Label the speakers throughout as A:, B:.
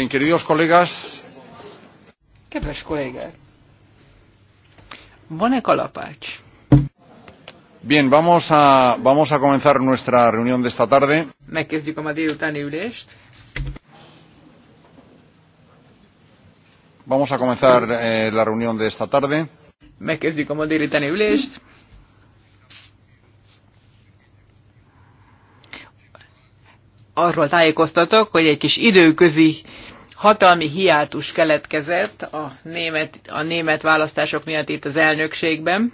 A: Bien, queridos kollégás.
B: Kedves kollégák! Van-e kalapács?
A: Bien, vamos a, vamos a comenzar nuestra reunión de esta tarde.
B: Megkezdjük a ma délutáni ülést.
A: Vamos a comenzar eh, la reunión de esta tarde.
B: Megkezdjük a ma délutáni ülést. arról tájékoztatok, hogy egy kis időközi hatalmi hiátus keletkezett a német, a német választások miatt itt az elnökségben.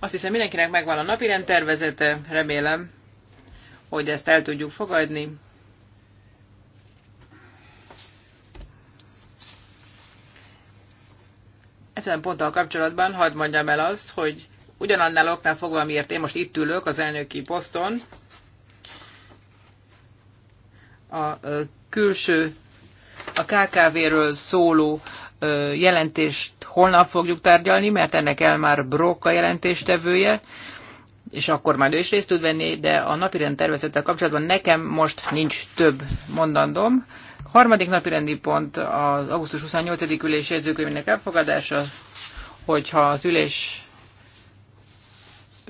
B: Azt hiszem mindenkinek megvan a napi rendtervezete, remélem, hogy ezt el tudjuk fogadni. Ezen ponttal kapcsolatban hadd mondjam el azt, hogy ugyanannál oknál fogva, miért én most itt ülök az elnöki poszton, a külső, a KKV-ről szóló jelentést holnap fogjuk tárgyalni, mert ennek el már Brok a jelentéstevője, és akkor már ő is részt tud venni, de a napirend tervezettel kapcsolatban nekem most nincs több mondandom. Harmadik napirendi pont az augusztus 28. ülés jegyzőkönyvének elfogadása, hogyha az ülés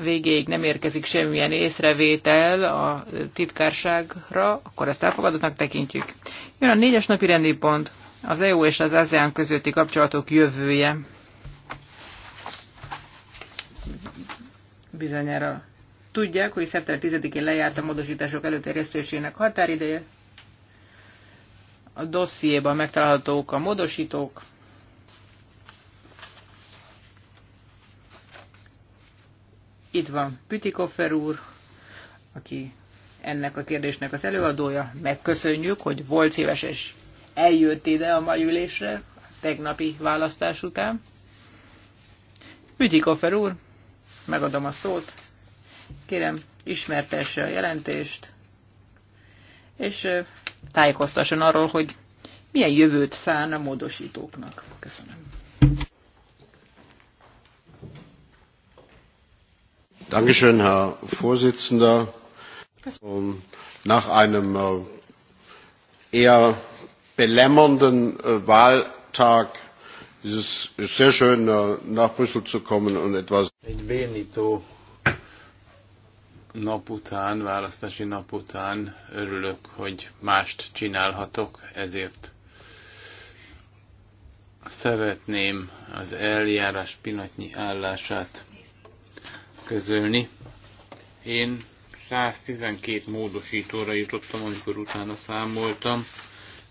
B: végéig nem érkezik semmilyen észrevétel a titkárságra, akkor ezt elfogadottnak tekintjük. Jön a négyes napi rendi pont, az EU és az ASEAN közötti kapcsolatok jövője. Bizonyára tudják, hogy szeptember 10-én lejárt a módosítások előterjesztésének határideje. A dossziéban megtalálhatók a módosítók, Itt van Pütikoffer úr, aki ennek a kérdésnek az előadója. Megköszönjük, hogy volt szíves és eljött ide a mai ülésre, a tegnapi választás után. Pütikoffer úr, megadom a szót. Kérem, ismertesse a jelentést, és tájékoztasson arról, hogy milyen jövőt szán a módosítóknak.
A: Köszönöm. Dankeschön, Herr Vorsitzender. Ähm, nach einem äh, eher belämmernden äh, Wahltag ist es sehr schön, äh, nach Brüssel zu kommen und etwas. Egy bénító nap után, választási nap után örülök, hogy mást csinálhatok, ezért szeretném az eljárás pillanatnyi állását közölni. Én 112 módosítóra jutottam, amikor utána számoltam.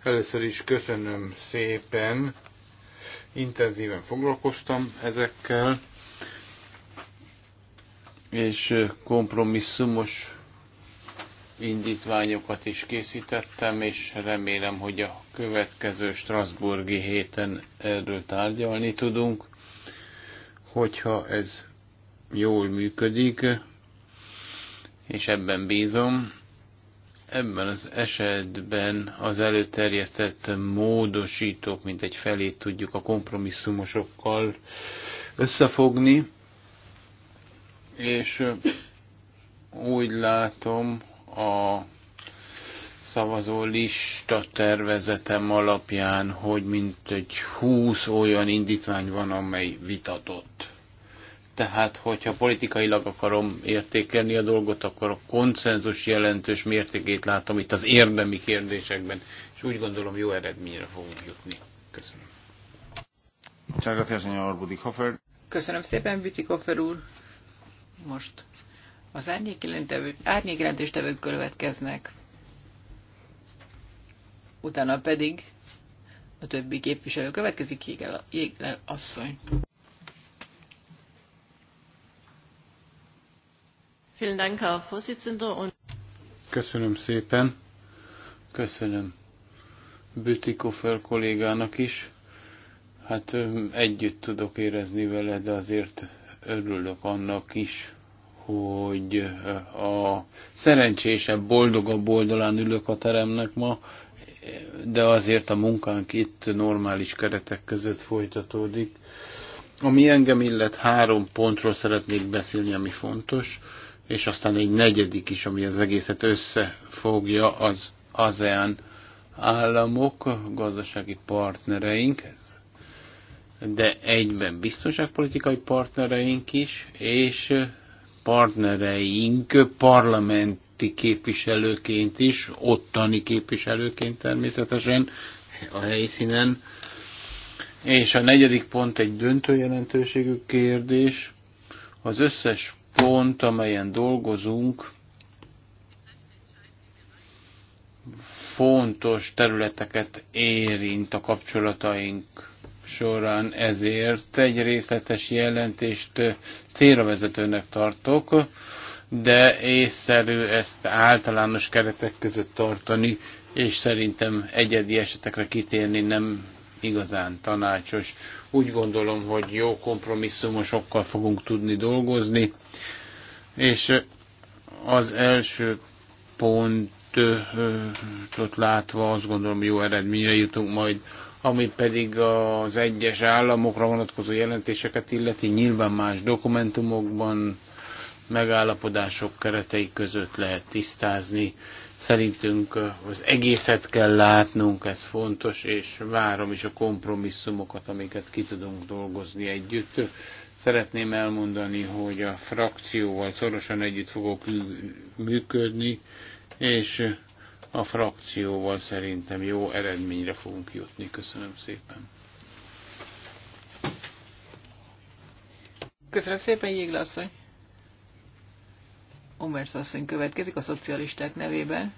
A: Először is köszönöm szépen, intenzíven foglalkoztam ezekkel, és kompromisszumos indítványokat is készítettem, és remélem, hogy a következő Strasburgi héten erről tárgyalni tudunk. Hogyha ez jól működik, és ebben bízom. Ebben az esetben az előterjesztett módosítók, mint egy felét tudjuk a kompromisszumosokkal összefogni, és úgy látom a szavazó lista tervezetem alapján, hogy mint egy húsz olyan indítvány van, amely vitatott. Tehát, hogyha politikailag akarom értékelni a dolgot, akkor a konszenzus jelentős mértékét látom itt az érdemi kérdésekben, és úgy gondolom jó eredményre fogunk jutni. Köszönöm. Köszönöm szépen,
B: Koffer úr. Most az árnyékjelentéstevők következnek. Utána pedig a többi képviselő következik,
C: Jégel
A: asszony. Köszönöm szépen. Köszönöm Bütikofer kollégának is. Hát együtt tudok érezni vele, de azért örülök annak is, hogy a szerencsésebb, boldogabb oldalán ülök a teremnek ma, de azért a munkánk itt normális keretek között folytatódik. Ami engem illet, három pontról szeretnék beszélni, ami fontos és aztán egy negyedik is, ami az egészet összefogja, az ASEAN államok, gazdasági partnereink, de egyben biztonságpolitikai partnereink is, és partnereink parlamenti képviselőként is, ottani képviselőként természetesen a helyszínen. És a negyedik pont egy döntő jelentőségű kérdés. Az összes pont, amelyen dolgozunk, fontos területeket érint a kapcsolataink során, ezért egy részletes jelentést célra vezetőnek tartok, de észszerű ezt általános keretek között tartani, és szerintem egyedi esetekre kitérni nem igazán tanácsos. Úgy gondolom, hogy jó kompromisszumosokkal fogunk tudni dolgozni, és az első pontot látva azt gondolom jó eredményre jutunk majd, ami pedig az egyes államokra vonatkozó jelentéseket illeti, nyilván más dokumentumokban megállapodások keretei között lehet tisztázni. Szerintünk az egészet kell látnunk, ez fontos, és várom is a kompromisszumokat, amiket ki tudunk dolgozni együtt. Szeretném elmondani, hogy a frakcióval szorosan együtt fogok működni, és a frakcióval szerintem jó eredményre fogunk jutni. Köszönöm szépen.
B: Köszönöm szépen, Jéglasszony. Omers asszony következik a szocialisták nevében.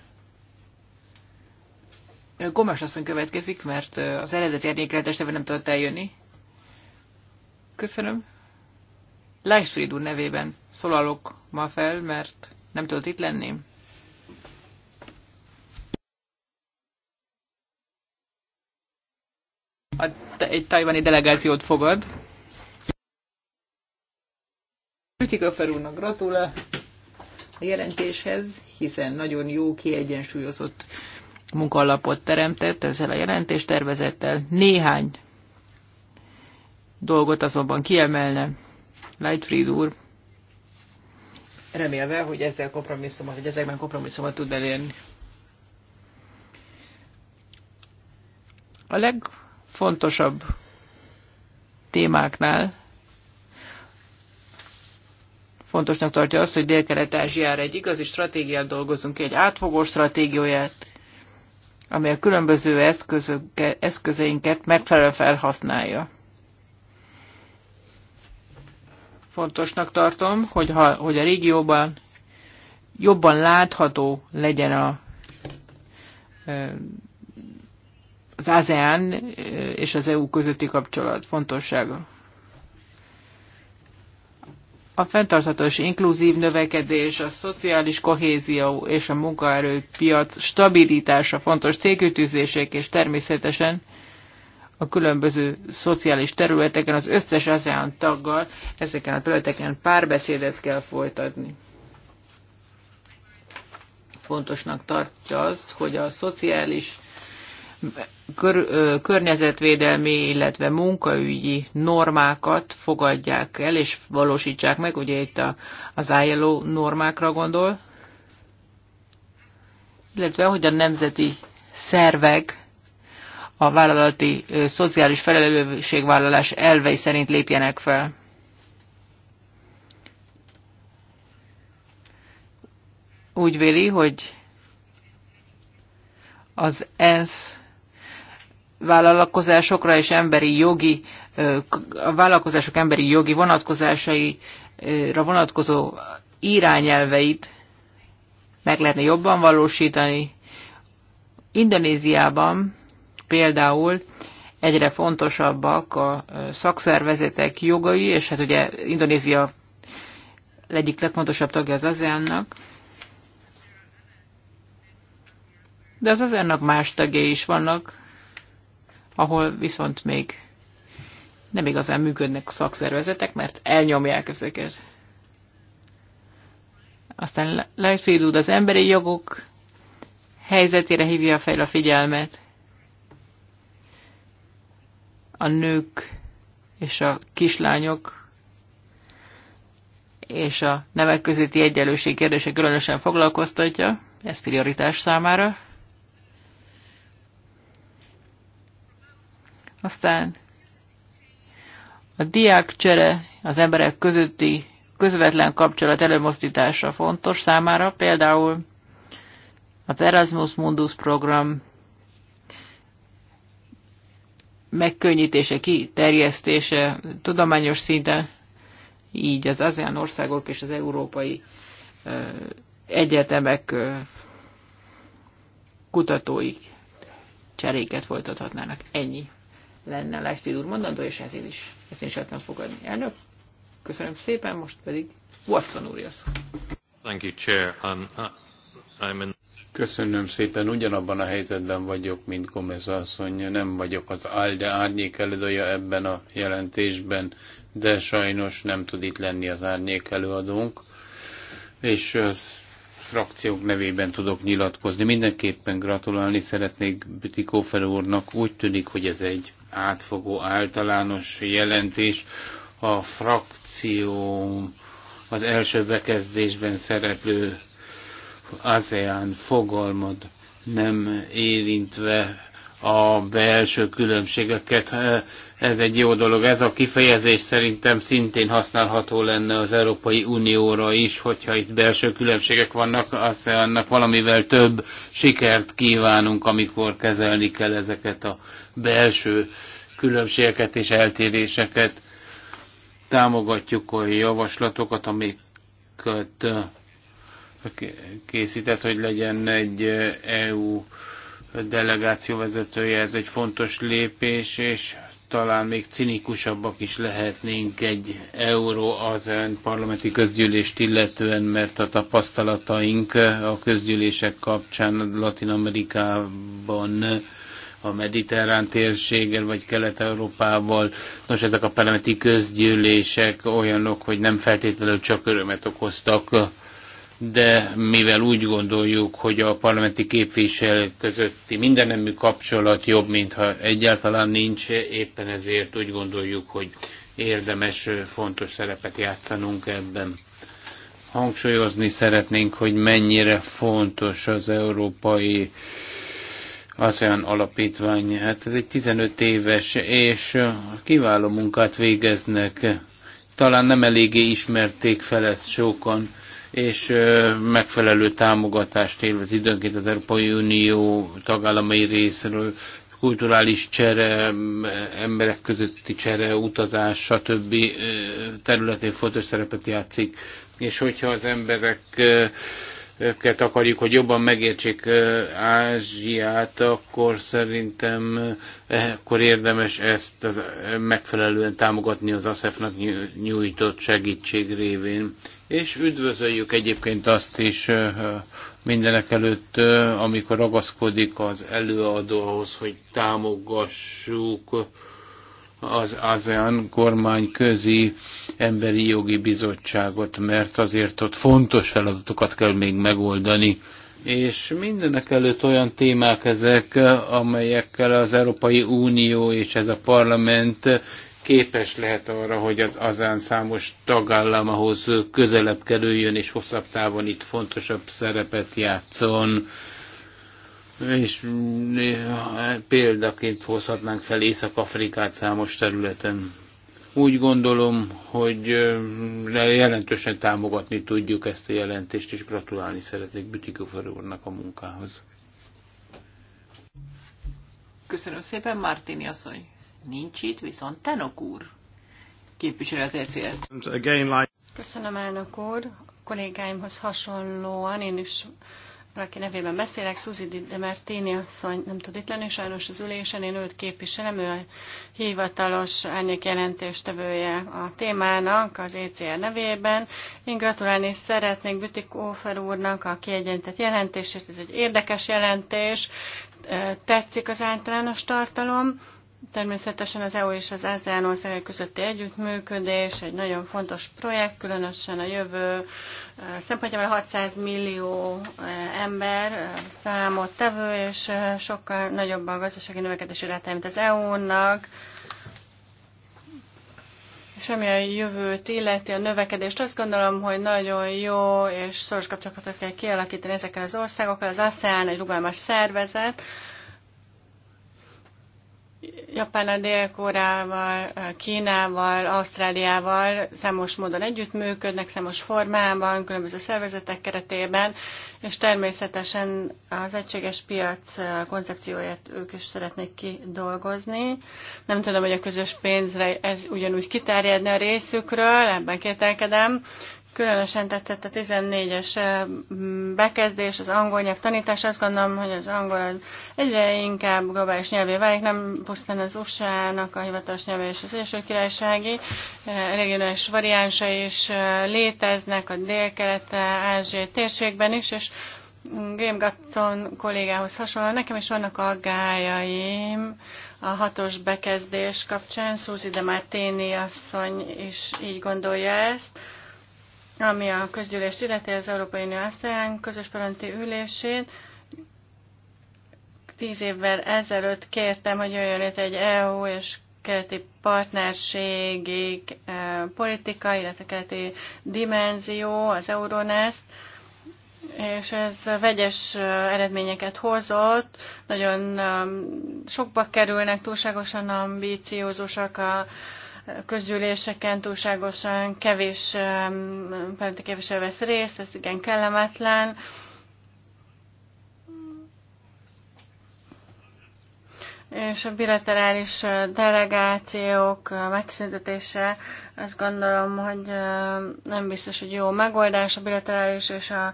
B: Gomes asszony következik, mert az eredeti érnékletes neve nem tudott eljönni. Köszönöm. Leisfried úr nevében szólalok ma fel, mert nem tudott itt lenni. A, egy tajvani delegációt fogad. Pütiköfer úrnak gratulál a jelentéshez, hiszen nagyon jó kiegyensúlyozott munkalapot teremtett ezzel a jelentéstervezettel. Néhány dolgot azonban kiemelne Lightfried úr, remélve, hogy ezzel kompromisszumot, hogy ezekben kompromisszumot tud elérni. A legfontosabb témáknál fontosnak tartja azt, hogy Dél-Kelet-Ázsiára egy igazi stratégiát dolgozunk ki, egy átfogó stratégiáját, amely a különböző eszközeinket megfelelően felhasználja. Fontosnak tartom, hogy, ha, hogy a régióban jobban látható legyen a, az ASEAN és az EU közötti kapcsolat fontossága. A fenntarthatós inkluzív növekedés, a szociális kohézió és a munkaerőpiac stabilitása fontos célkütűzések, és természetesen a különböző szociális területeken, az összes ASEAN taggal ezeken a területeken párbeszédet kell folytatni. Fontosnak tartja azt, hogy a szociális kör, környezetvédelmi, illetve munkaügyi normákat fogadják el és valósítsák meg, ugye itt a, az ILO normákra gondol, illetve hogy a nemzeti szervek a vállalati ö, szociális felelősségvállalás elvei szerint lépjenek fel. Úgy véli, hogy az ENSZ vállalkozásokra és emberi jogi, a vállalkozások emberi jogi vonatkozásaira vonatkozó irányelveit meg lehetne jobban valósítani. Indonéziában például egyre fontosabbak a szakszervezetek jogai, és hát ugye Indonézia egyik legfontosabb tagja az ASEAN-nak. De az ASEAN-nak más tagjai is vannak, ahol viszont még nem igazán működnek a szakszervezetek, mert elnyomják ezeket. Aztán Lightfield úr az emberi jogok helyzetére hívja fel a figyelmet. A nők és a kislányok és a nemek közötti egyenlőség kérdése különösen foglalkoztatja, ez prioritás számára. Aztán a csere az emberek közötti közvetlen kapcsolat előmozdítása fontos számára, például az Erasmus Mundus program megkönnyítése, kiterjesztése tudományos szinten, így az ASEAN országok és az európai egyetemek kutatóik cseréket folytathatnának. Ennyi lenne Lightfield úr mondandó, és hát én is, ezt én is el fogadni. Elnök, köszönöm szépen, most pedig Watson úr
A: jössz. Thank you, Chair. Um, uh, I'm in... Köszönöm szépen, ugyanabban a helyzetben vagyok, mint Gomez asszony, nem vagyok az ALDE árnyék előadója ebben a jelentésben, de sajnos nem tud itt lenni az árnyék előadónk, és az frakciók nevében tudok nyilatkozni. Mindenképpen gratulálni szeretnék Bütikófer úrnak. Úgy tűnik, hogy ez egy átfogó általános jelentés. A frakció az első bekezdésben szereplő ASEAN fogalmad nem érintve a belső különbségeket ez egy jó dolog. Ez a kifejezés szerintem szintén használható lenne az Európai Unióra is, hogyha itt belső különbségek vannak, az annak valamivel több sikert kívánunk, amikor kezelni kell ezeket a belső különbségeket és eltéréseket. Támogatjuk a javaslatokat, amiket eh, készített, hogy legyen egy EU eh, e delegáció vezetője, ez egy fontos lépés, és talán még cinikusabbak is lehetnénk egy euró az parlamenti közgyűlést illetően, mert a tapasztalataink a közgyűlések kapcsán Latin Amerikában a mediterrán térséggel, vagy Kelet-Európával. Nos, ezek a parlamenti közgyűlések olyanok, hogy nem feltétlenül csak örömet okoztak de mivel úgy gondoljuk, hogy a parlamenti képvisel közötti mindennemű kapcsolat jobb, mintha egyáltalán nincs, éppen ezért úgy gondoljuk, hogy érdemes, fontos szerepet játszanunk ebben. Hangsúlyozni szeretnénk, hogy mennyire fontos az európai az olyan alapítvány. Hát ez egy 15 éves, és kiváló munkát végeznek. Talán nem eléggé ismerték fel ezt sokan és megfelelő támogatást élvez időnként az Európai Unió tagállamai részről, kulturális csere, emberek közötti csere, utazás, stb. területén fontos szerepet játszik. És hogyha az emberek őket akarjuk, hogy jobban megértsék Ázsiát, akkor szerintem akkor érdemes ezt az, megfelelően támogatni az ASEF-nak nyújtott segítség révén és üdvözöljük egyébként azt is mindenek előtt, amikor ragaszkodik az előadó ahhoz, hogy támogassuk az ASEAN közi emberi jogi bizottságot, mert azért ott fontos feladatokat kell még megoldani. És mindenek előtt olyan témák ezek, amelyekkel az Európai Unió és ez a parlament képes lehet arra, hogy az azán számos tagállamhoz közelebb kerüljön, és hosszabb távon itt fontosabb szerepet játszon. És eh, példaként hozhatnánk fel Észak-Afrikát számos területen. Úgy gondolom, hogy eh, jelentősen támogatni tudjuk ezt a jelentést, és gratulálni szeretnék Bütikofer úrnak a munkához.
B: Köszönöm szépen, Martini asszony! nincs itt, viszont Tenok úr képviseli az ECR-t.
C: Köszönöm, elnök úr. A kollégáimhoz hasonlóan én is valaki nevében beszélek, Suzy de Martini asszony nem tud itt lenni, sajnos az ülésen, én őt képviselem, ő a hivatalos árnyék jelentéstevője a témának az ECR nevében. Én gratulálni szeretnék Bütik Ófer úrnak a kiegyentett jelentését, ez egy érdekes jelentés, tetszik az általános tartalom, Természetesen az EU és az ASEAN országai közötti együttműködés egy nagyon fontos projekt, különösen a jövő eh, szempontjából 600 millió eh, ember eh, számot tevő, és sokkal nagyobb a gazdasági növekedési ráta mint az EU-nak. És ami a jövőt illeti, a növekedést, azt gondolom, hogy nagyon jó és szoros kapcsolatot kell kialakítani ezekkel az országokkal. Az ASEAN egy rugalmas szervezet, Japánnal, Dél-Koreával, Kínával, Ausztráliával számos módon együttműködnek, számos formában, különböző szervezetek keretében, és természetesen az egységes piac koncepcióját ők is szeretnék kidolgozni. Nem tudom, hogy a közös pénzre ez ugyanúgy kiterjedne a részükről, ebben kételkedem, Különösen tetszett a 14-es eh, bekezdés, az angol nyelv tanítás. Azt gondolom, hogy az angol az egyre inkább globális nyelvé válik, nem pusztán az USA-nak a hivatalos nyelve és az első Királysági. Eh, regionális variánsa is eh, léteznek a dél-kelet-ázsiai térségben is, és Graham Gatson kollégához hasonlóan nekem is vannak aggájaim a hatos bekezdés kapcsán. Szúzi de Martini asszony is így gondolja ezt ami a közgyűlést illeti, az Európai Unió aztán közös parlamenti ülésén tíz évvel ezelőtt kértem, hogy jöjjön itt egy EU és keleti partnerségi e, politika, illetve keleti dimenzió, az Euronest, és ez vegyes e, eredményeket hozott, nagyon e, sokba kerülnek, túlságosan ambíciózusak a közgyűléseken túlságosan kevés parlamenti képviselő vesz részt, ez igen kellemetlen. és a bilaterális delegációk megszüntetése azt gondolom, hogy nem biztos, hogy jó megoldás a bilaterális és a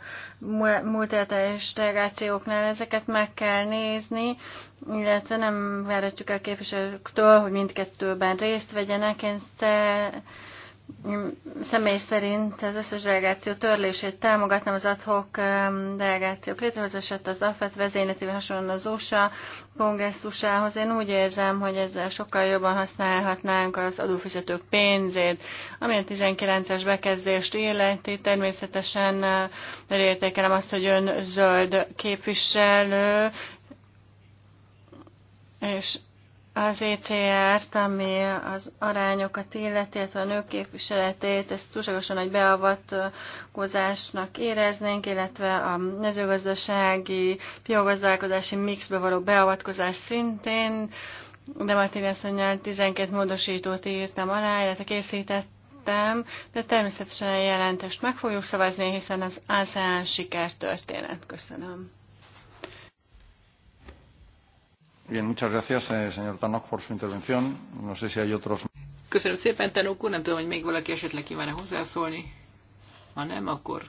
C: multilaterális delegációknál. Ezeket meg kell nézni, illetve nem várhatjuk el képviselőktől, hogy mindkettőben részt vegyenek. Én én személy szerint az összes delegáció törlését támogatnám, az adhok um, delegációk létrehozását, az AFET vezényletével hasonlóan az USA kongresszusához. Én úgy érzem, hogy ezzel sokkal jobban használhatnánk az adófizetők pénzét, ami a 19-es bekezdést illeti. Természetesen uh, értékelem azt, hogy ön zöld képviselő, és az ECR-t, ami az arányokat illeti, illetve a nők képviseletét, ezt túlságosan nagy beavatkozásnak éreznénk, illetve a mezőgazdasági, piogazdálkodási mixbe való beavatkozás szintén, de Martin asszonyjal 12 módosítót írtam alá, illetve készítettem, de természetesen jelentést meg fogjuk szavazni, hiszen az ASEAN sikertörténet. Köszönöm.
B: Köszönöm szépen, Tanok úr. Nem tudom, hogy még valaki esetleg kíván-e hozzászólni. Ha nem, akkor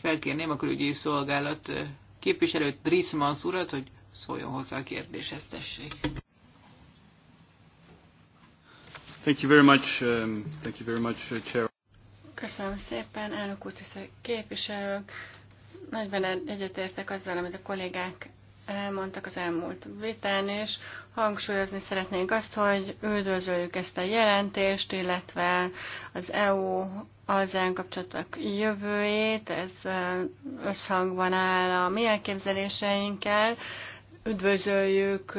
B: felkérném a külügyi szolgálat eh, képviselőt, Drismans urat, hogy szóljon hozzá a kérdéshez, tessék.
A: Thank you very much, um, thank you very much, uh, Chair.
C: Köszönöm szépen, elnök úr, tisztelt képviselők. Nagyban egyetértek azzal, amit a kollégák elmondtak az elmúlt vitán, és hangsúlyozni szeretnénk azt, hogy üldözöljük ezt a jelentést, illetve az EU azán kapcsolatok jövőjét, ez összhangban áll a mi elképzeléseinkkel, üdvözöljük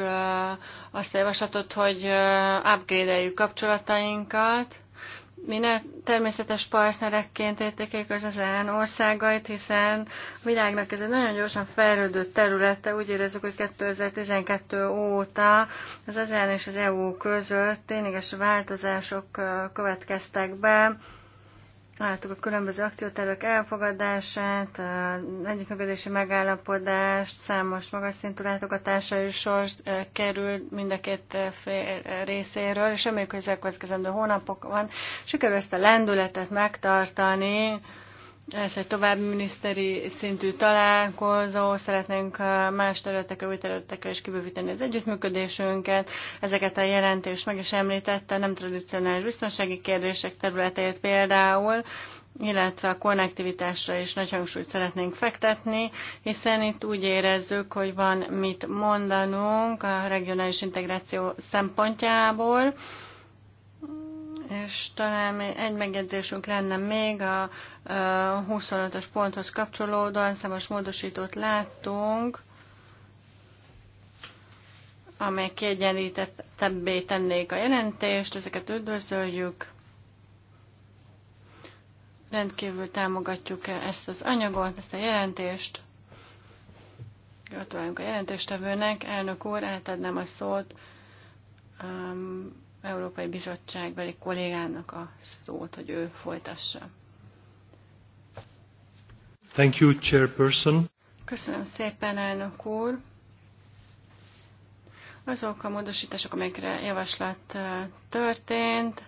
C: azt a javaslatot, hogy upgrade kapcsolatainkat, Minél természetes partnerekként értékeljük az ezen országait, hiszen a világnak ez egy nagyon gyorsan fejlődő területe. Úgy érezzük, hogy 2012 óta az ezen és az EU között tényleges változások következtek be Láttuk a különböző akciótervek elfogadását, együttműködési megállapodást, számos magas szintű látogatásra is sor eh, került mind a két eh, fél eh, részéről, és reméljük, hogy az elkövetkezendő hónapokban sikerül ezt a lendületet megtartani, ez egy további miniszteri szintű találkozó, szeretnénk más területekre, új területekre is kibővíteni az együttműködésünket. Ezeket a jelentést meg is említette, nem tradicionális biztonsági kérdések területeit például, illetve a konnektivitásra is nagy hangsúlyt szeretnénk fektetni, hiszen itt úgy érezzük, hogy van mit mondanunk a regionális integráció szempontjából és talán egy megjegyzésünk lenne még a 25-ös ponthoz kapcsolódóan, számos módosítót láttunk, amely kiegyenlítettebbé tennék a jelentést, ezeket üdvözöljük. Rendkívül támogatjuk -e ezt az anyagot, ezt a jelentést. Gratulálunk a jelentéstevőnek. Elnök úr, átadnám a szót um, Európai Bizottságbeli kollégának a szót, hogy ő folytassa.
A: Thank you, Chairperson.
C: Köszönöm szépen, elnök úr. Azok a módosítások, amelyekre javaslat eh, történt,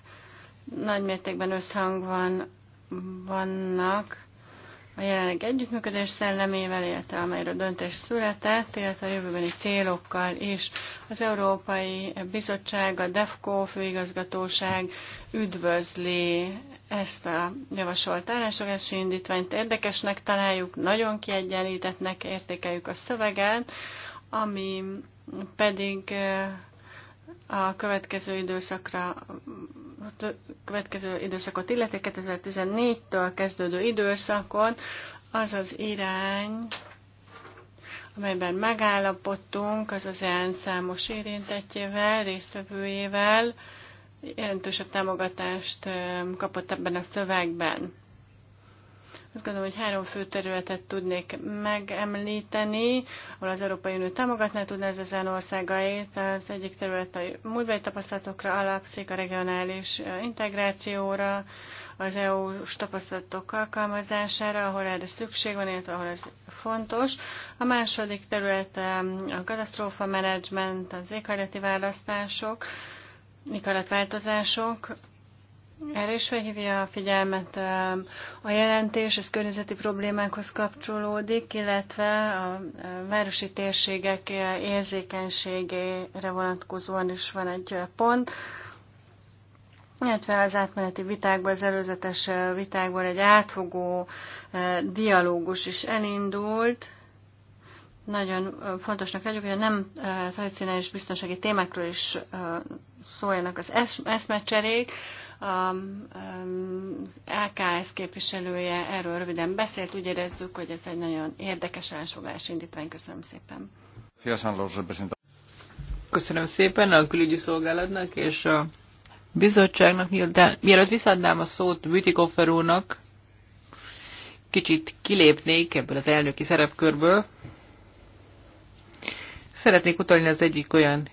C: nagy mértékben összhangban vannak a jelenleg együttműködés szellemével, illetve amelyről döntés született, illetve a jövőbeni célokkal is. Az Európai Bizottság, a DEFCO főigazgatóság üdvözli ezt a javasolt állásolási indítványt. Érdekesnek találjuk, nagyon kiegyenlítettnek értékeljük a szöveget, ami pedig a következő időszakra, a következő időszakot illeti 2014-től kezdődő időszakon az az irány, amelyben megállapodtunk az az EN számos érintettjével, résztvevőjével, jelentősebb támogatást kapott ebben a szövegben. Azt gondolom, hogy három fő területet tudnék megemlíteni, ahol az Európai Unió támogatná tudná az ezen országait. Az egyik terület a múltbeli tapasztalatokra alapszik, a regionális integrációra, az EU-s tapasztalatok alkalmazására, ahol erre szükség van, illetve ahol ez fontos. A második terület a katasztrófa menedzsment, az éghajlati választások, éghajlatváltozások, erre is felhívja a figyelmet um, a jelentés, ez környezeti problémákhoz kapcsolódik, illetve a városi térségek érzékenységére vonatkozóan is van egy pont, illetve az átmeneti vitákban, az előzetes vitákban egy átfogó eh, dialógus is elindult, nagyon eh, fontosnak legyük, hogy a nem eh, tradicionális biztonsági témákról is szóljanak az eszmecserék, a LKS képviselője erről röviden beszélt, úgy érezzük, hogy ez egy nagyon érdekes elsoglás indítvány. Köszönöm szépen.
B: Köszönöm szépen a külügyi szolgálatnak és a bizottságnak. Mielőtt visszaadnám a szót Bütikoffer úrnak, kicsit kilépnék ebből az elnöki szerepkörből. Szeretnék utalni az egyik olyan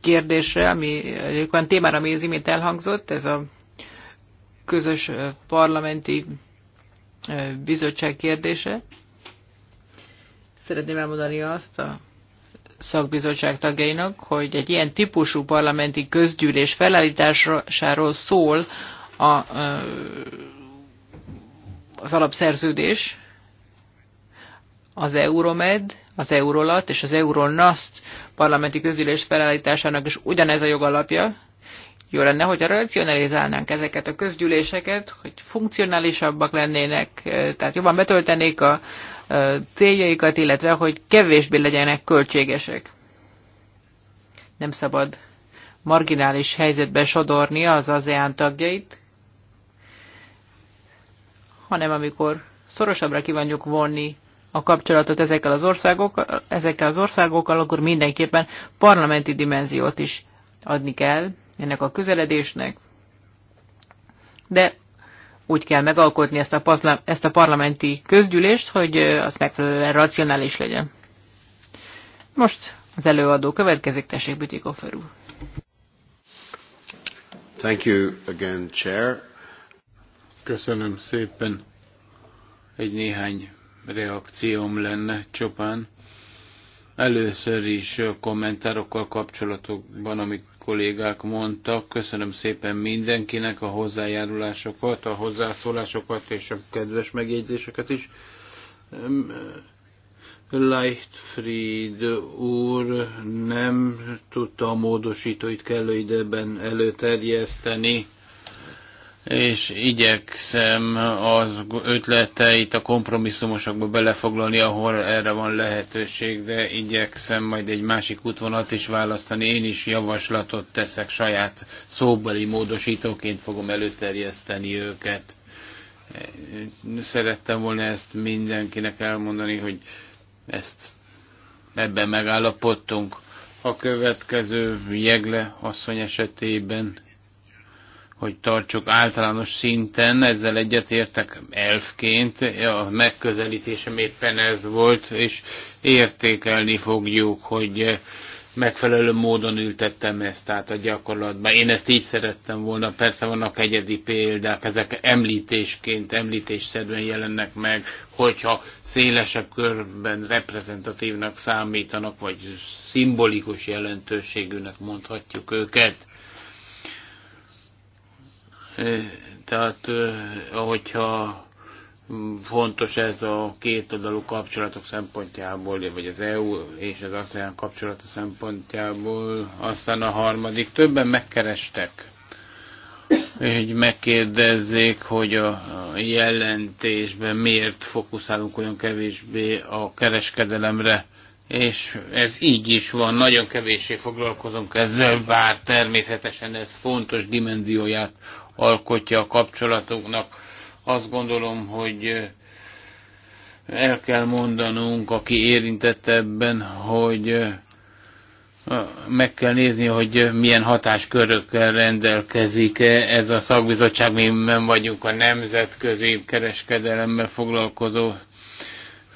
B: kérdésre, ami, olyan témára, ami az imént elhangzott, ez a közös parlamenti bizottság kérdése. Szeretném elmondani azt a szakbizottság tagjainak, hogy egy ilyen típusú parlamenti közgyűlés felállításáról szól a, az alapszerződés, az Euromed, az Eurolat és az Euronast parlamenti közgyűlés felállításának is ugyanez a jogalapja. Jó lenne, hogyha racionalizálnánk ezeket a közgyűléseket, hogy funkcionálisabbak lennének, tehát jobban betöltenék a céljaikat, illetve hogy kevésbé legyenek költségesek. Nem szabad marginális helyzetbe sodorni az ASEAN tagjait, hanem amikor szorosabbra kívánjuk vonni a kapcsolatot ezekkel az, országokkal, ezekkel az országokkal, akkor mindenképpen parlamenti dimenziót is adni kell ennek a közeledésnek, de úgy kell megalkotni ezt a, ezt a parlamenti közgyűlést, hogy az megfelelően racionális legyen. Most az előadó következik, tessék Bütikofer
A: Thank you again, Chair. Köszönöm szépen. Egy néhány reakcióm lenne csupán. Először is a kommentárokkal kapcsolatokban, amit kollégák mondtak. Köszönöm szépen mindenkinek a hozzájárulásokat, a hozzászólásokat és a kedves megjegyzéseket is. Lightfried úr nem tudta a módosítóit kellő időben előterjeszteni és igyekszem az ötleteit a kompromisszumosokba belefoglalni, ahol erre van lehetőség, de igyekszem majd egy másik útvonat is választani. Én is javaslatot teszek saját szóbeli módosítóként fogom előterjeszteni őket. Szerettem volna ezt mindenkinek elmondani, hogy ezt ebben megállapodtunk. A következő jegle asszony esetében hogy tartsuk általános szinten, ezzel egyetértek elfként, a megközelítésem éppen ez volt, és értékelni fogjuk, hogy megfelelő módon ültettem ezt át a gyakorlatban. Én ezt így szerettem volna, persze vannak egyedi példák, ezek említésként, említésszerűen jelennek meg, hogyha szélesebb körben reprezentatívnak számítanak, vagy szimbolikus jelentőségűnek mondhatjuk őket tehát, hogyha fontos ez a kétoldalú kapcsolatok szempontjából, vagy az EU és az ASEAN kapcsolata szempontjából. Aztán a harmadik, többen megkerestek, hogy megkérdezzék, hogy a jelentésben miért fokuszálunk olyan kevésbé a kereskedelemre, és ez így is van, nagyon kevéssé foglalkozunk ezzel, bár természetesen ez fontos dimenzióját alkotja a kapcsolatoknak. Azt gondolom, hogy el kell mondanunk, aki érintett ebben, hogy meg kell nézni, hogy milyen hatáskörökkel rendelkezik ez a szakbizottság. Mi nem vagyunk a nemzetközi kereskedelemmel foglalkozó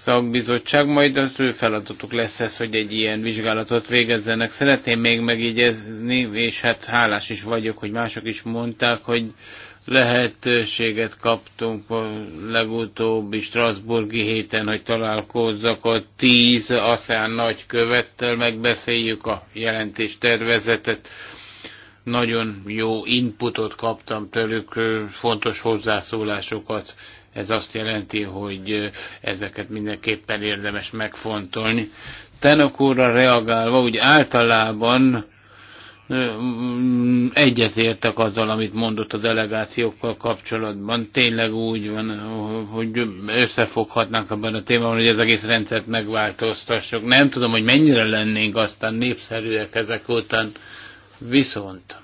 A: szakbizottság, majd az ő feladatuk lesz ez, hogy egy ilyen vizsgálatot végezzenek. Szeretném még megígyezni, és hát hálás is vagyok, hogy mások is mondták, hogy lehetőséget kaptunk a legutóbbi Strasburgi héten, hogy találkozzak a tíz ASEAN nagykövettel, megbeszéljük a jelentés tervezetet. Nagyon jó inputot kaptam tőlük, fontos hozzászólásokat ez azt jelenti, hogy ezeket mindenképpen érdemes megfontolni. Tenok úrra reagálva, úgy általában mm, egyetértek azzal, amit mondott a delegációkkal kapcsolatban. Tényleg úgy van, hogy összefoghatnánk abban a témában, hogy az egész rendszert megváltoztassuk. Nem tudom, hogy mennyire lennénk aztán népszerűek ezek után. Viszont,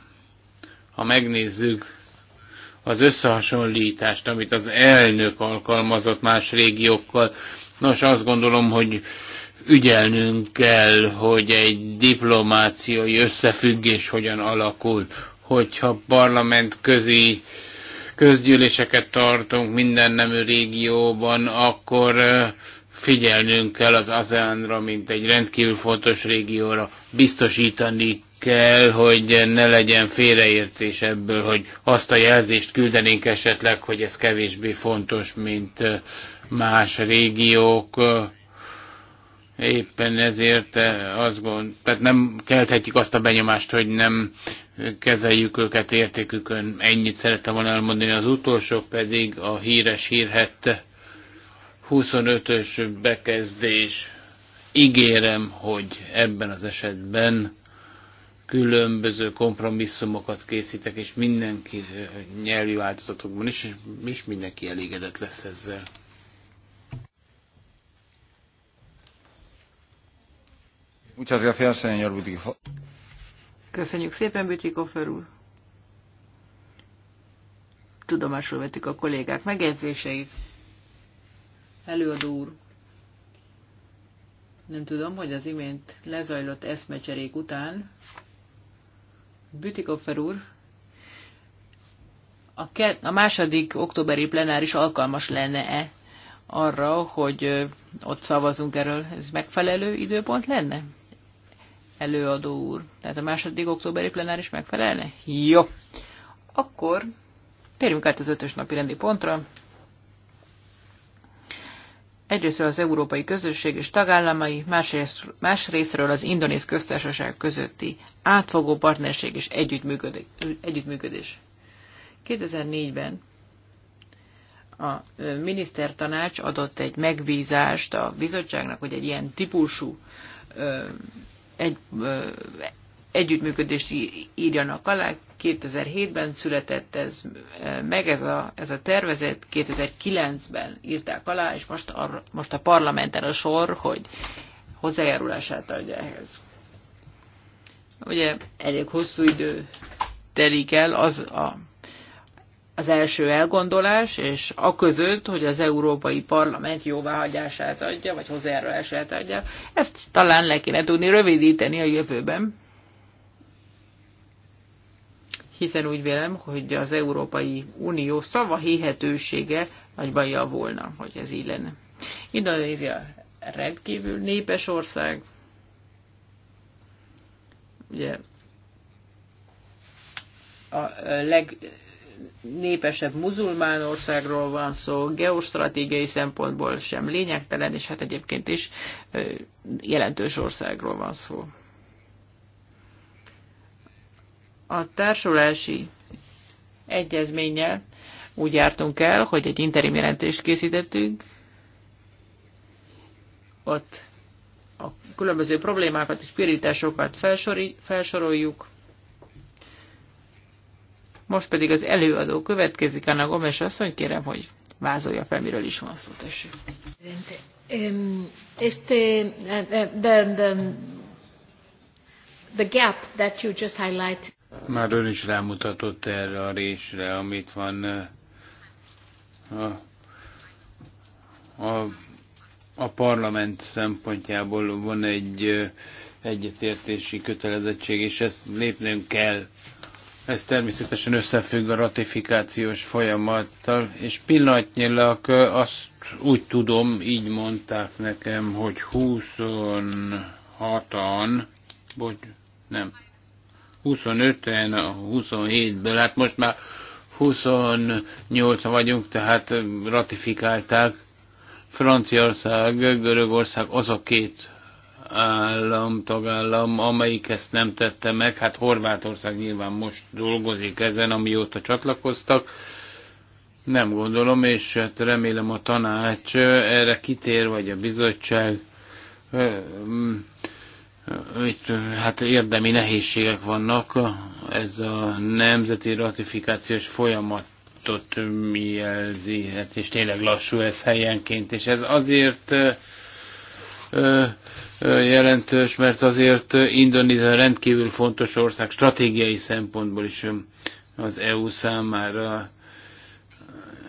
A: ha megnézzük, az összehasonlítást, amit az elnök alkalmazott más régiókkal. Nos, azt gondolom, hogy ügyelnünk kell, hogy egy diplomáciai összefüggés hogyan alakul, hogyha parlament közi közgyűléseket tartunk minden nemű régióban, akkor figyelnünk kell az ASEAN-ra, mint egy rendkívül fontos régióra, biztosítani kell, hogy ne legyen félreértés ebből, hogy azt a jelzést küldenénk esetleg, hogy ez kevésbé fontos, mint eh, más régiók. Éppen ezért eh, azt gond, tehát nem kelthetjük azt a benyomást, hogy nem kezeljük őket értékükön. Ennyit szerettem volna elmondani. Az utolsó pedig a híres hírhette 25-ös bekezdés. Ígérem, hogy ebben az esetben különböző kompromisszumokat készítek, és mindenki nyelvi változatokban is, és mindenki elégedett lesz ezzel. Muchas gracias, señor
B: Köszönjük szépen, Butikhofer úr. Tudomásul vettük a kollégák megjegyzéseit. Előadó úr. Nem tudom, hogy az imént lezajlott eszmecserék után Bütikofer úr, a, ke- a második októberi plenáris alkalmas lenne-e arra, hogy ott szavazunk erről? Ez megfelelő időpont lenne? Előadó úr. Tehát a második októberi plenáris megfelelne? Jó. Akkor térjünk át az ötös napi rendi pontra egyrészt az európai közösség és tagállamai, más másrésztről az indonéz köztársaság közötti átfogó partnerség és együttműködés. 2004-ben a minisztertanács adott egy megbízást a bizottságnak, hogy egy ilyen típusú egy, együttműködést írjanak alá. 2007-ben született ez e, meg, ez a, ez a tervezet, 2009-ben írták alá, és most, a most a parlamenten a sor, hogy hozzájárulását adja ehhez. Ugye elég hosszú idő telik el az a, az első elgondolás, és a között, hogy az Európai Parlament jóváhagyását adja, vagy hozzájárulását adja, ezt talán le kéne tudni rövidíteni a jövőben hiszen úgy vélem, hogy az Európai Unió szava hihetősége nagyban javulna, hogy ez így lenne. Indonézia rendkívül népes ország, ugye a legnépesebb muzulmán országról van szó, geostratégiai szempontból sem lényegtelen, és hát egyébként is jelentős országról van szó. A társulási egyezménnyel úgy jártunk el, hogy egy interim jelentést készítettünk, ott a különböző problémákat és pirításokat felsoroljuk. Most pedig az előadó következik, Anna Gomes asszony, kérem, hogy vázolja fel, miről is van szó, tessék. Este, eh, eh, the, the, the gap that you just highlighted.
A: Már ön is rámutatott erre a résre, amit van eh, a, a, a parlament szempontjából van egy eh, egyetértési kötelezettség, és ezt lépnünk kell. Ez természetesen összefügg a ratifikációs folyamattal, és pillanatnyilag eh, azt úgy tudom, így mondták nekem, hogy 26-an, vagy nem, 25-en a 27-ből, hát most már 28 vagyunk, tehát ratifikálták. Franciaország, Görögország az a két állam, tagállam, amelyik ezt nem tette meg. Hát Horvátország nyilván most dolgozik ezen, amióta csatlakoztak. Nem gondolom, és hát remélem a tanács erre kitér, vagy a bizottság itt hát érdemi nehézségek vannak. Ez a nemzeti ratifikációs folyamatot mi jelzi, hát és tényleg lassú ez helyenként, és ez azért jelentős, mert azért Indonézia rendkívül fontos ország stratégiai szempontból is az EU számára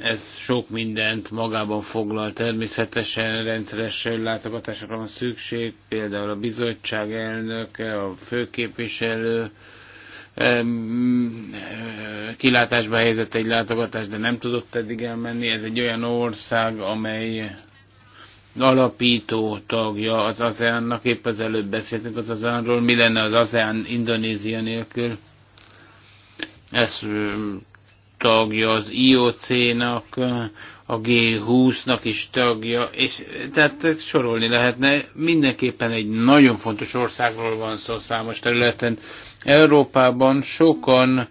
A: ez sok mindent magában foglal. Természetesen rendszeres látogatásokra van szükség, például a bizottság elnöke, a főképviselő kilátásba helyezett egy látogatást, de nem tudott eddig elmenni. Ez egy olyan ország, amely alapító tagja az ASEAN-nak, épp az előbb beszéltünk az ASEAN-ról, mi lenne az ASEAN Indonézia nélkül. Ez tagja az IOC-nak, a G20-nak is tagja, és tehát sorolni lehetne. Mindenképpen egy nagyon fontos országról van szó számos területen. Európában sokan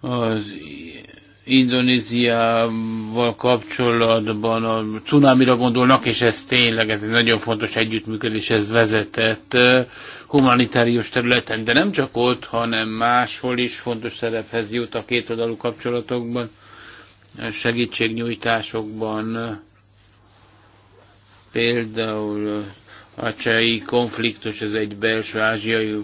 A: az Indonéziával kapcsolatban a cunámira gondolnak, és ez tényleg ez egy nagyon fontos együttműködés, ez vezetett humanitárius területen, de nem csak ott, hanem máshol is fontos szerephez jut a két oldalú kapcsolatokban, segítségnyújtásokban, például a csehi konfliktus, ez egy belső ázsiai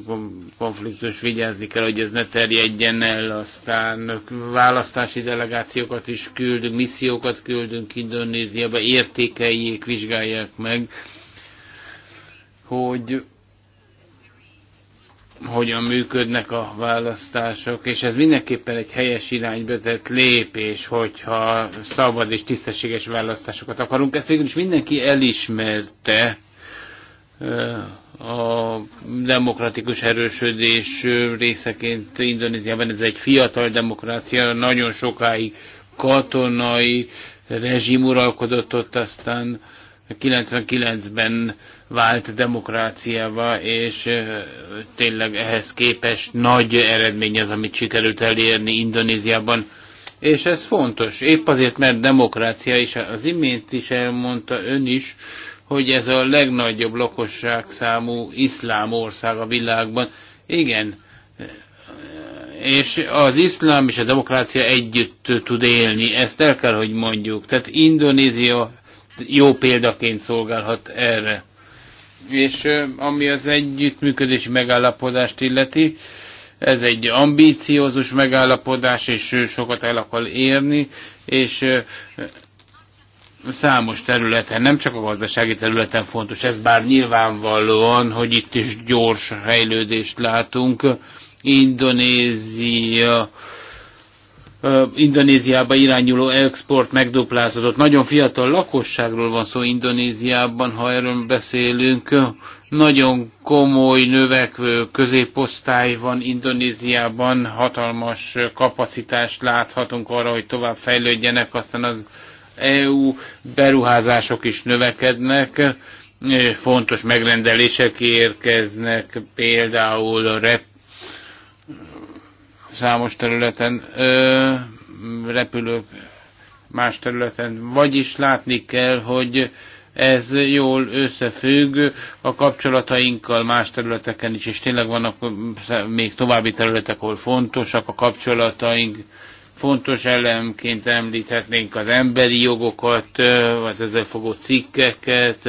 A: konfliktus, vigyázni kell, hogy ez ne terjedjen el, aztán választási delegációkat is küldünk, missziókat küldünk Indonéziába, értékeljék, vizsgálják meg, hogy hogyan működnek a választások, és ez mindenképpen egy helyes irányba tett lépés, hogyha szabad és tisztességes választásokat akarunk. Ezt végül is mindenki elismerte, a demokratikus erősödés részeként Indonéziában ez egy fiatal demokrácia, nagyon sokáig katonai rezsim uralkodott ott, aztán 99-ben vált demokráciává, és tényleg ehhez képest nagy eredmény az, amit sikerült elérni Indonéziában. És ez fontos, épp azért, mert demokrácia, és az imént is elmondta ön is, hogy ez a legnagyobb lakosság számú iszlám ország a világban. Igen, és az iszlám és a demokrácia együtt tud élni, ezt el kell, hogy mondjuk. Tehát Indonézia jó példaként szolgálhat erre. És ami az együttműködési megállapodást illeti, ez egy ambíciózus megállapodás, és sokat el akar érni, és számos területen, nem csak a gazdasági területen fontos ez, bár nyilvánvalóan, hogy itt is gyors fejlődést látunk. Indonézia, Indonéziába irányuló export megduplázódott. Nagyon fiatal lakosságról van szó Indonéziában, ha erről beszélünk. Nagyon komoly, növekvő középosztály van Indonéziában, hatalmas kapacitást láthatunk arra, hogy tovább fejlődjenek, aztán az EU beruházások is növekednek, e, fontos megrendelések érkeznek, például a rep számos területen ö, e, repülők más területen. Vagyis látni kell, hogy ez jól összefügg a kapcsolatainkkal más területeken is, és tényleg vannak még további területek, ahol fontosak a kapcsolataink fontos elemként említhetnénk az emberi jogokat, az ezzel fogó cikkeket,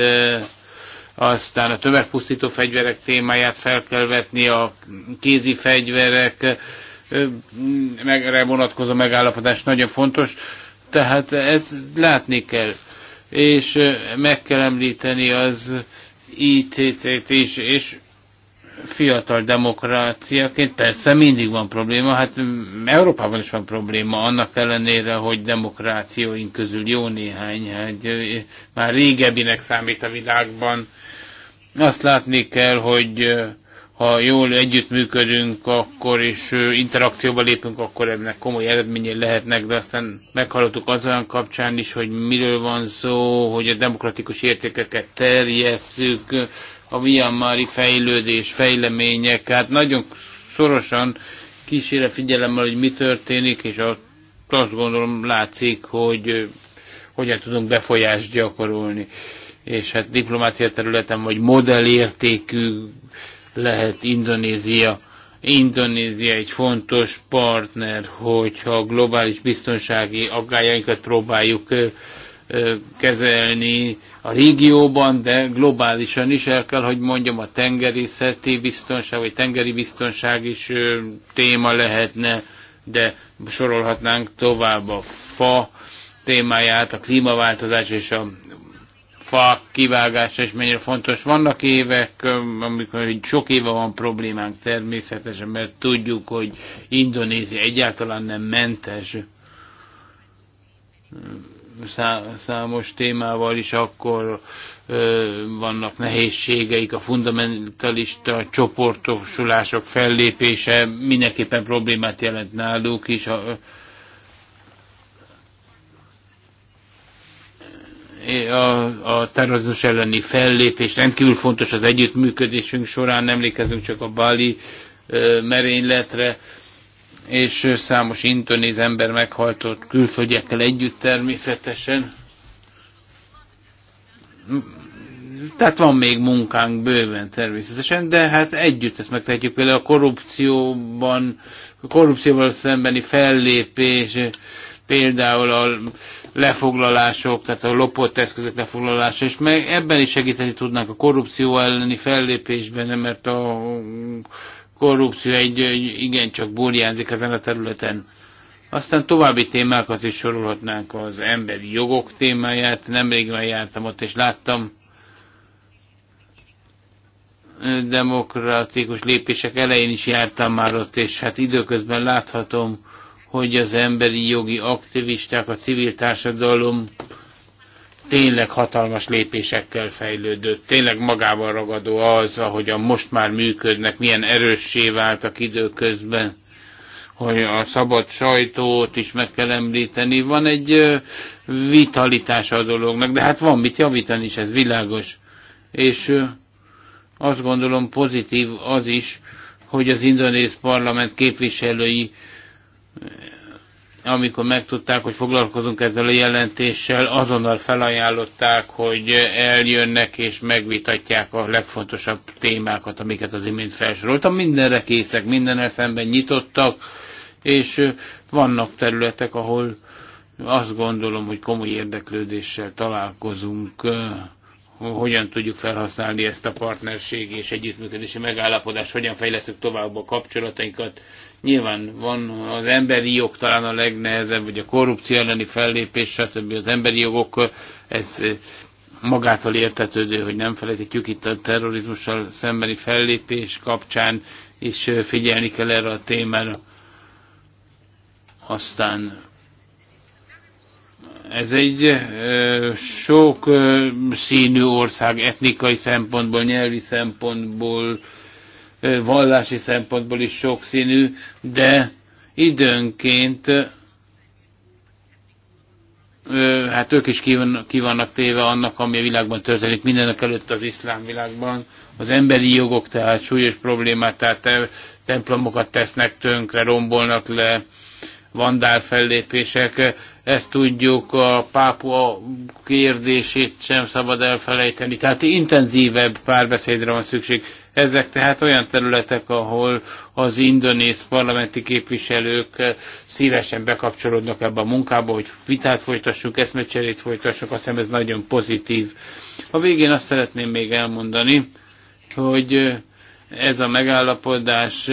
A: aztán a tömegpusztító fegyverek témáját fel kell vetni, a kézi fegyverek, megre vonatkozó megállapodás nagyon fontos, tehát ez látni kell. És meg kell említeni az ICC-t is, és fiatal demokráciaként persze mindig van probléma, hát mm, Európában is van probléma, annak ellenére, hogy demokrációink közül jó néhány, hát már régebbinek számít a világban. Azt látni kell, hogy ha jól együttműködünk, akkor és interakcióba lépünk, akkor ennek komoly eredményei lehetnek, de aztán meghallottuk az olyan kapcsán is, hogy miről van szó, hogy a demokratikus értékeket terjesszük, a Myanmari fejlődés, fejlemények, hát nagyon szorosan kísérle figyelemmel, hogy mi történik, és azt gondolom látszik, hogy hogyan tudunk befolyást gyakorolni. És hát diplomácia területen, vagy modellértékű lehet Indonézia. Indonézia egy fontos partner, hogyha globális biztonsági aggájainkat próbáljuk kezelni a régióban, de globálisan is el kell, hogy mondjam, a tengerészeti biztonság, vagy tengeri biztonság is téma lehetne, de sorolhatnánk tovább a fa témáját, a klímaváltozás és a fa kivágása is mennyire fontos. Vannak évek, amikor sok éve van problémánk természetesen, mert tudjuk, hogy Indonézia egyáltalán nem mentes számos témával is akkor vannak nehézségeik, a fundamentalista csoportosulások fellépése mindenképpen problémát jelent náluk is. A, a, a terrorizmus elleni fellépés rendkívül fontos az együttműködésünk során, emlékezünk csak a Bali merényletre, és számos intonéz ember meghalt ott külföldiekkel együtt természetesen. Tehát van még munkánk bőven természetesen, de hát együtt ezt megtehetjük. Például a korrupcióban, a korrupcióval szembeni fellépés, például a lefoglalások, tehát a lopott eszközök lefoglalása, és meg ebben is segíteni tudnánk a korrupció elleni fellépésben, mert a korrupció egy igencsak burjánzik ezen a területen. Aztán további témákat is sorolhatnánk, az emberi jogok témáját. már jártam ott, és láttam demokratikus lépések elején is jártam már ott, és hát időközben láthatom, hogy az emberi jogi aktivisták, a civil társadalom tényleg hatalmas lépésekkel fejlődött, tényleg magával ragadó az, ahogyan most már működnek, milyen erőssé váltak időközben, hogy a szabad sajtót is meg kell említeni. Van egy vitalitása a dolognak, de hát van mit javítani is, ez világos. És azt gondolom pozitív az is, hogy az indonéz parlament képviselői amikor megtudták, hogy foglalkozunk ezzel a jelentéssel, azonnal felajánlották, hogy eljönnek és megvitatják a legfontosabb témákat, amiket az imént felsoroltam. Mindenre készek, minden szemben nyitottak, és vannak területek, ahol azt gondolom, hogy komoly érdeklődéssel találkozunk hogyan tudjuk felhasználni ezt a partnerség és együttműködési megállapodás? hogyan fejleszünk tovább a kapcsolatainkat. Nyilván van az emberi jog talán a legnehezebb, vagy a korrupció elleni fellépés, stb. az emberi jogok, ez magától értetődő, hogy nem felejtjük itt a terrorizmussal szembeni fellépés kapcsán, és figyelni kell erre a témára. Aztán ez egy sok színű ország etnikai szempontból, nyelvi szempontból, vallási szempontból is sokszínű, de időnként hát ők is ki vannak téve annak, ami a világban történik, mindenek előtt az iszlám világban. Az emberi jogok tehát súlyos problémát, tehát templomokat tesznek tönkre, rombolnak le, vandár fellépések, ezt tudjuk, a pápua kérdését sem szabad elfelejteni. Tehát intenzívebb párbeszédre van szükség. Ezek tehát olyan területek, ahol az indonész parlamenti képviselők szívesen bekapcsolódnak ebbe a munkába, hogy vitát folytassuk, eszmecserét folytassuk, azt hiszem ez nagyon pozitív. A végén azt szeretném még elmondani, hogy ez a megállapodás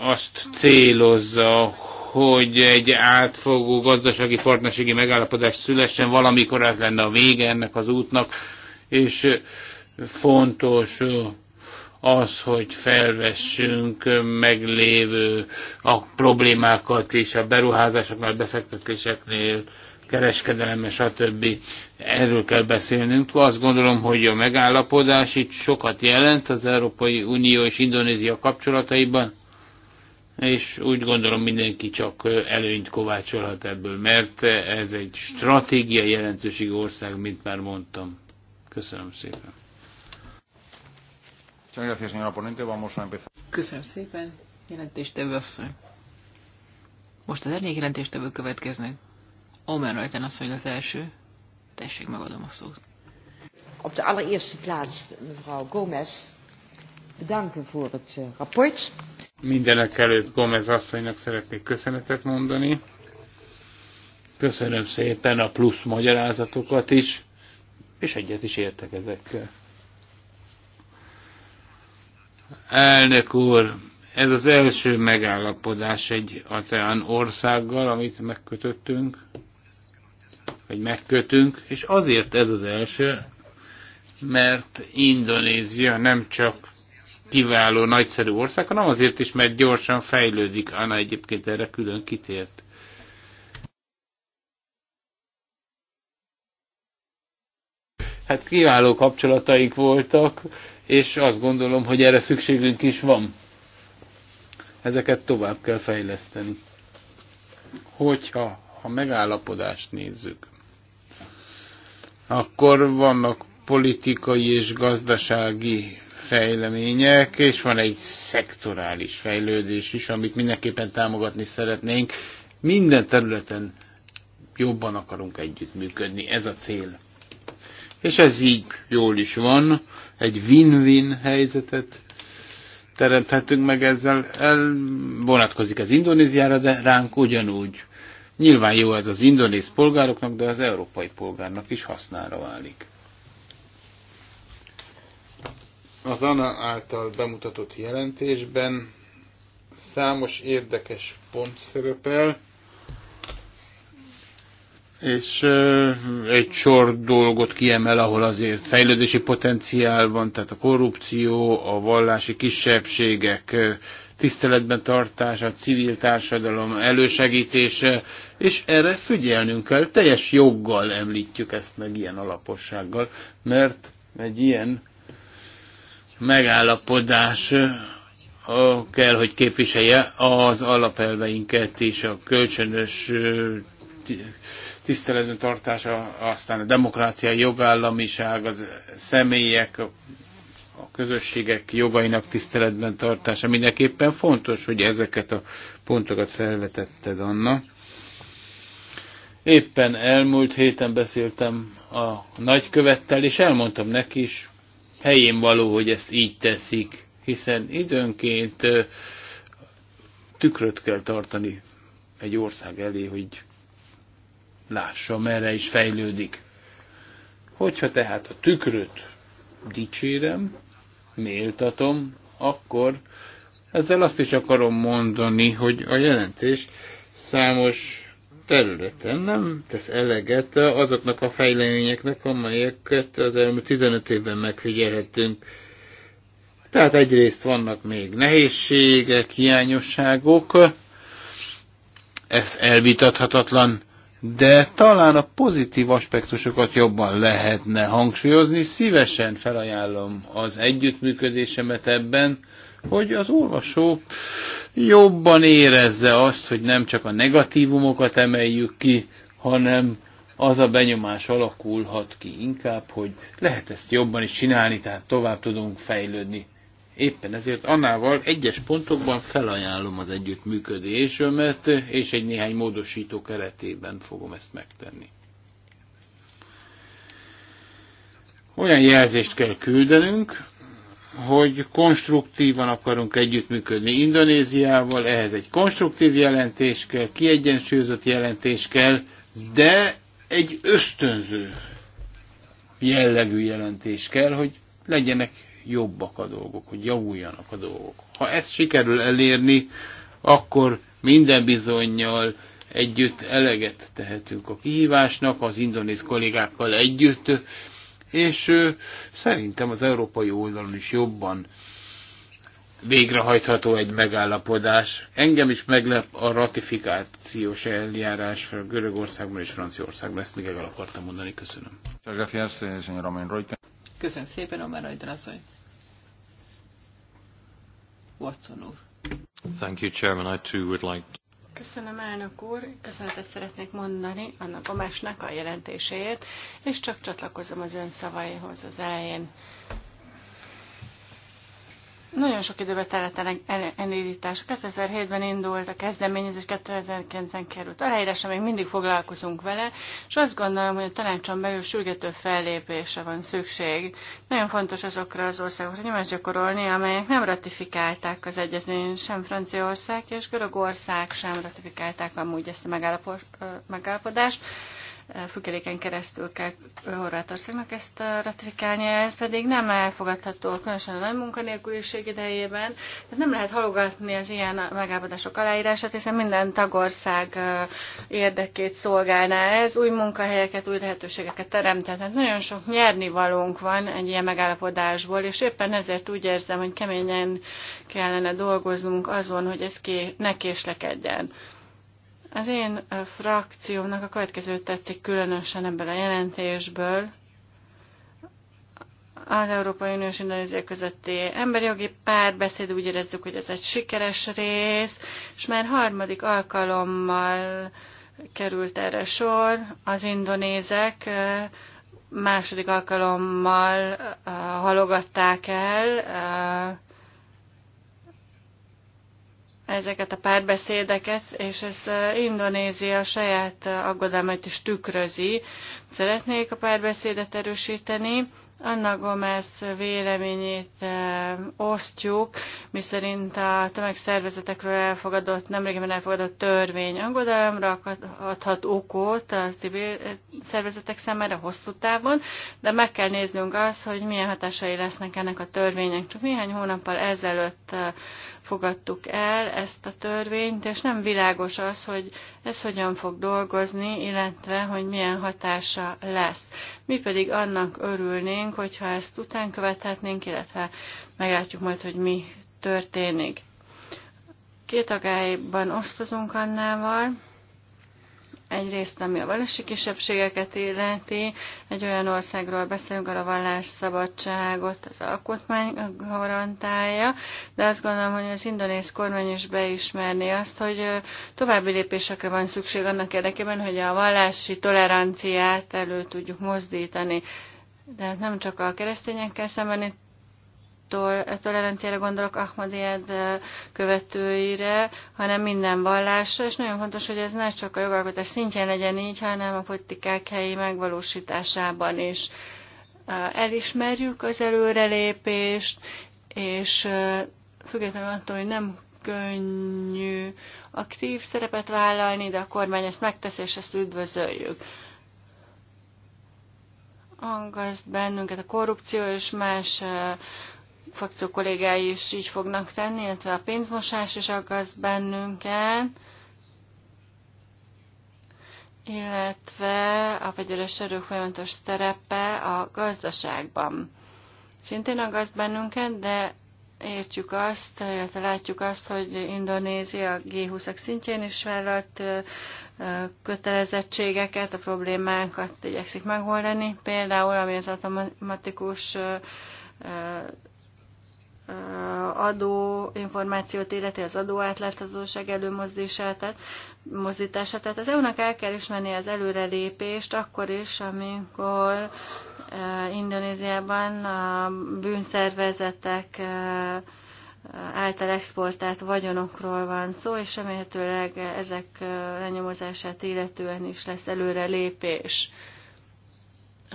A: azt célozza, hogy egy átfogó gazdasági partnerségi megállapodás szülessen, valamikor ez lenne a vége ennek az útnak, és fontos az, hogy felvessünk meglévő a problémákat is a beruházásoknál, befektetéseknél, kereskedelem, stb. Erről kell beszélnünk. Azt gondolom, hogy a megállapodás itt sokat jelent az Európai Unió és Indonézia kapcsolataiban és úgy gondolom mindenki csak előnyt kovácsolhat ebből, mert ez egy stratégiai jelentőségű ország, mint már mondtam. Köszönöm szépen.
B: Köszönöm szépen, jelentéstevő asszony. Most az elég jelentéstevő következnek. Omer Rajten asszony az első. Tessék, megadom a szót. Op de allereerste plaats mevrouw Gomez bedanken voor het eh, rapport.
A: Mindenek előtt Gomez asszonynak szeretnék köszönetet mondani. Köszönöm szépen a plusz magyarázatokat is, és egyet is értek ezekkel. Elnök úr, ez az első megállapodás egy ASEAN országgal, amit megkötöttünk, vagy megkötünk, és azért ez az első, mert Indonézia nem csak kiváló, nagyszerű ország, hanem azért is, mert gyorsan fejlődik. Anna egyébként erre külön kitért. Hát kiváló kapcsolataik voltak, és azt gondolom, hogy erre szükségünk is van. Ezeket tovább kell fejleszteni. Hogyha a megállapodást nézzük, akkor vannak politikai és gazdasági fejlemények, és van egy szektorális fejlődés is, amit mindenképpen támogatni szeretnénk. Minden területen jobban akarunk együttműködni, ez a cél. És ez így jól is van, egy win-win helyzetet teremthetünk meg ezzel, el vonatkozik az Indonéziára, de ránk ugyanúgy. Nyilván jó ez az indonéz polgároknak, de az európai polgárnak is hasznára válik. Az ANA által bemutatott jelentésben számos érdekes pont szerepel, és egy sor dolgot kiemel, ahol azért fejlődési potenciál van, tehát a korrupció, a vallási kisebbségek tiszteletben tartása, a civil társadalom elősegítése, és erre figyelnünk kell, teljes joggal említjük ezt meg ilyen alapossággal, mert egy ilyen megállapodás kell, hogy képviselje az alapelveinket és a kölcsönös tiszteletben tartása, aztán a demokrácia, jogállamiság, az személyek, a közösségek jogainak tiszteletben tartása mindenképpen fontos, hogy ezeket a pontokat felvetetted, Anna. Éppen elmúlt héten beszéltem a nagykövettel, és elmondtam neki is, helyén való, hogy ezt így teszik, hiszen időnként tükröt kell tartani egy ország elé, hogy lássa, merre is fejlődik. Hogyha tehát a tükröt dicsérem, méltatom, akkor ezzel azt is akarom mondani, hogy a jelentés számos területen nem tesz eleget azoknak a fejleményeknek, amelyeket az elmúlt 15 évben megfigyelhetünk. Tehát egyrészt vannak még nehézségek, hiányosságok, ez elvitathatatlan, de talán a pozitív aspektusokat jobban lehetne hangsúlyozni. Szívesen felajánlom az együttműködésemet ebben, hogy az olvasó jobban érezze azt, hogy nem csak a negatívumokat emeljük ki, hanem az a benyomás alakulhat ki inkább, hogy lehet ezt jobban is csinálni, tehát tovább tudunk fejlődni. Éppen ezért annával egyes pontokban felajánlom az együttműködésömet, és egy néhány módosító keretében fogom ezt megtenni. Olyan jelzést kell küldenünk, hogy konstruktívan akarunk együttműködni Indonéziával, ehhez egy konstruktív jelentés kell, kiegyensúlyozott jelentés kell, de egy ösztönző jellegű jelentés kell, hogy legyenek jobbak a dolgok, hogy javuljanak a dolgok. Ha ezt sikerül elérni, akkor minden bizonyal együtt eleget tehetünk a kihívásnak, az indonéz kollégákkal együtt és szerintem az európai oldalon is jobban végrehajtható egy megállapodás. Engem is meglep a ratifikációs eljárás Görögországban és Franciaországban. Ezt még el akartam mondani. Köszönöm. Eh,
B: Köszönöm szépen, Omer Ajdraszony. Watson úr.
A: Thank you, Chairman. I too would like to...
C: Köszönöm, elnök úr. Köszönetet szeretnék mondani annak a másnak a jelentéséért, és csak csatlakozom az ön szavaihoz az elején. Nagyon sok időbe telett el elindítás. 2007-ben indult a kezdeményezés, 2009-ben került aláírásra, még mindig foglalkozunk vele, és azt gondolom, hogy a tanácson belül sürgető fellépése van szükség. Nagyon fontos azokra az országokra nyomást gyakorolni, amelyek nem ratifikálták az egyezményt, sem Franciaország és Görögország sem ratifikálták amúgy ezt a megállapodást függeléken keresztül kell Horvátországnak ezt eh, ratifikálnia, ez pedig nem elfogadható, különösen a nagy munkanélküliség idejében. Tehát nem lehet halogatni az ilyen megállapodások aláírását, hiszen minden tagország eh, érdekét szolgálná ez, új munkahelyeket, új lehetőségeket teremtett. Tehát nagyon sok nyernivalónk van egy ilyen megállapodásból, és éppen ezért úgy érzem, hogy keményen kellene dolgoznunk azon, hogy ez ki ne késlekedjen. Az én frakciómnak a következő tetszik különösen ebből a jelentésből. Az Európai Uniós Indonézia közötti emberjogi párbeszéd úgy érezzük, hogy ez egy sikeres rész, és már harmadik alkalommal került erre sor. Az indonézek második alkalommal halogatták el ezeket a párbeszédeket, és ezt eh, Indonézia saját eh, aggodalmait is tükrözi. Szeretnék a párbeszédet erősíteni, Anna Gomez véleményét eh, osztjuk, miszerint a tömegszervezetekről elfogadott, nemrégiben elfogadott törvény angodalomra adhat okot a civil szervezetek számára hosszú távon, de meg kell néznünk azt, hogy milyen hatásai lesznek ennek a törvénynek. Csak néhány hónappal ezelőtt fogadtuk el ezt a törvényt, és nem világos az, hogy ez hogyan fog dolgozni, illetve hogy milyen hatása lesz. Mi pedig annak örülnénk, hogyha ezt után követhetnénk, illetve meglátjuk majd, hogy mi történik. Két agályban osztozunk Annával. Egyrészt, ami a vallási kisebbségeket illeti, egy olyan országról beszélünk, ahol a szabadságot, az alkotmány garantálja, de azt gondolom, hogy az indonéz kormány is beismerni azt, hogy további lépésekre van szükség annak érdekében, hogy a vallási toleranciát elő tudjuk mozdítani. De hát nem csak a keresztényekkel itt attól ellentére gondolok Ahmadiyed követőire, hanem minden vallásra, és nagyon fontos, hogy ez ne csak a jogalkotás szintjén legyen így, hanem a politikák helyi megvalósításában is. Elismerjük az előrelépést, és függetlenül attól, hogy nem könnyű aktív szerepet vállalni, de a kormány ezt megteszi, és ezt üdvözöljük Angaszt bennünket a korrupció és más frakció kollégái is így fognak tenni, illetve a pénzmosás is aggaszt bennünket, illetve a vegyeres erő folyamatos szerepe a gazdaságban. Szintén aggaszt bennünket, de értjük azt, illetve látjuk azt, hogy Indonézia G20-ak szintjén is vállalt kötelezettségeket, a problémákat igyekszik megoldani, például ami az automatikus adó információt illeti, az adó átláthatóság előmozdítását. Mozdítását. Tehát az EU-nak el kell ismerni az előrelépést akkor is, amikor Indonéziában a bűnszervezetek által exportált vagyonokról van szó, és remélhetőleg ezek lenyomozását illetően is lesz előrelépés. lépés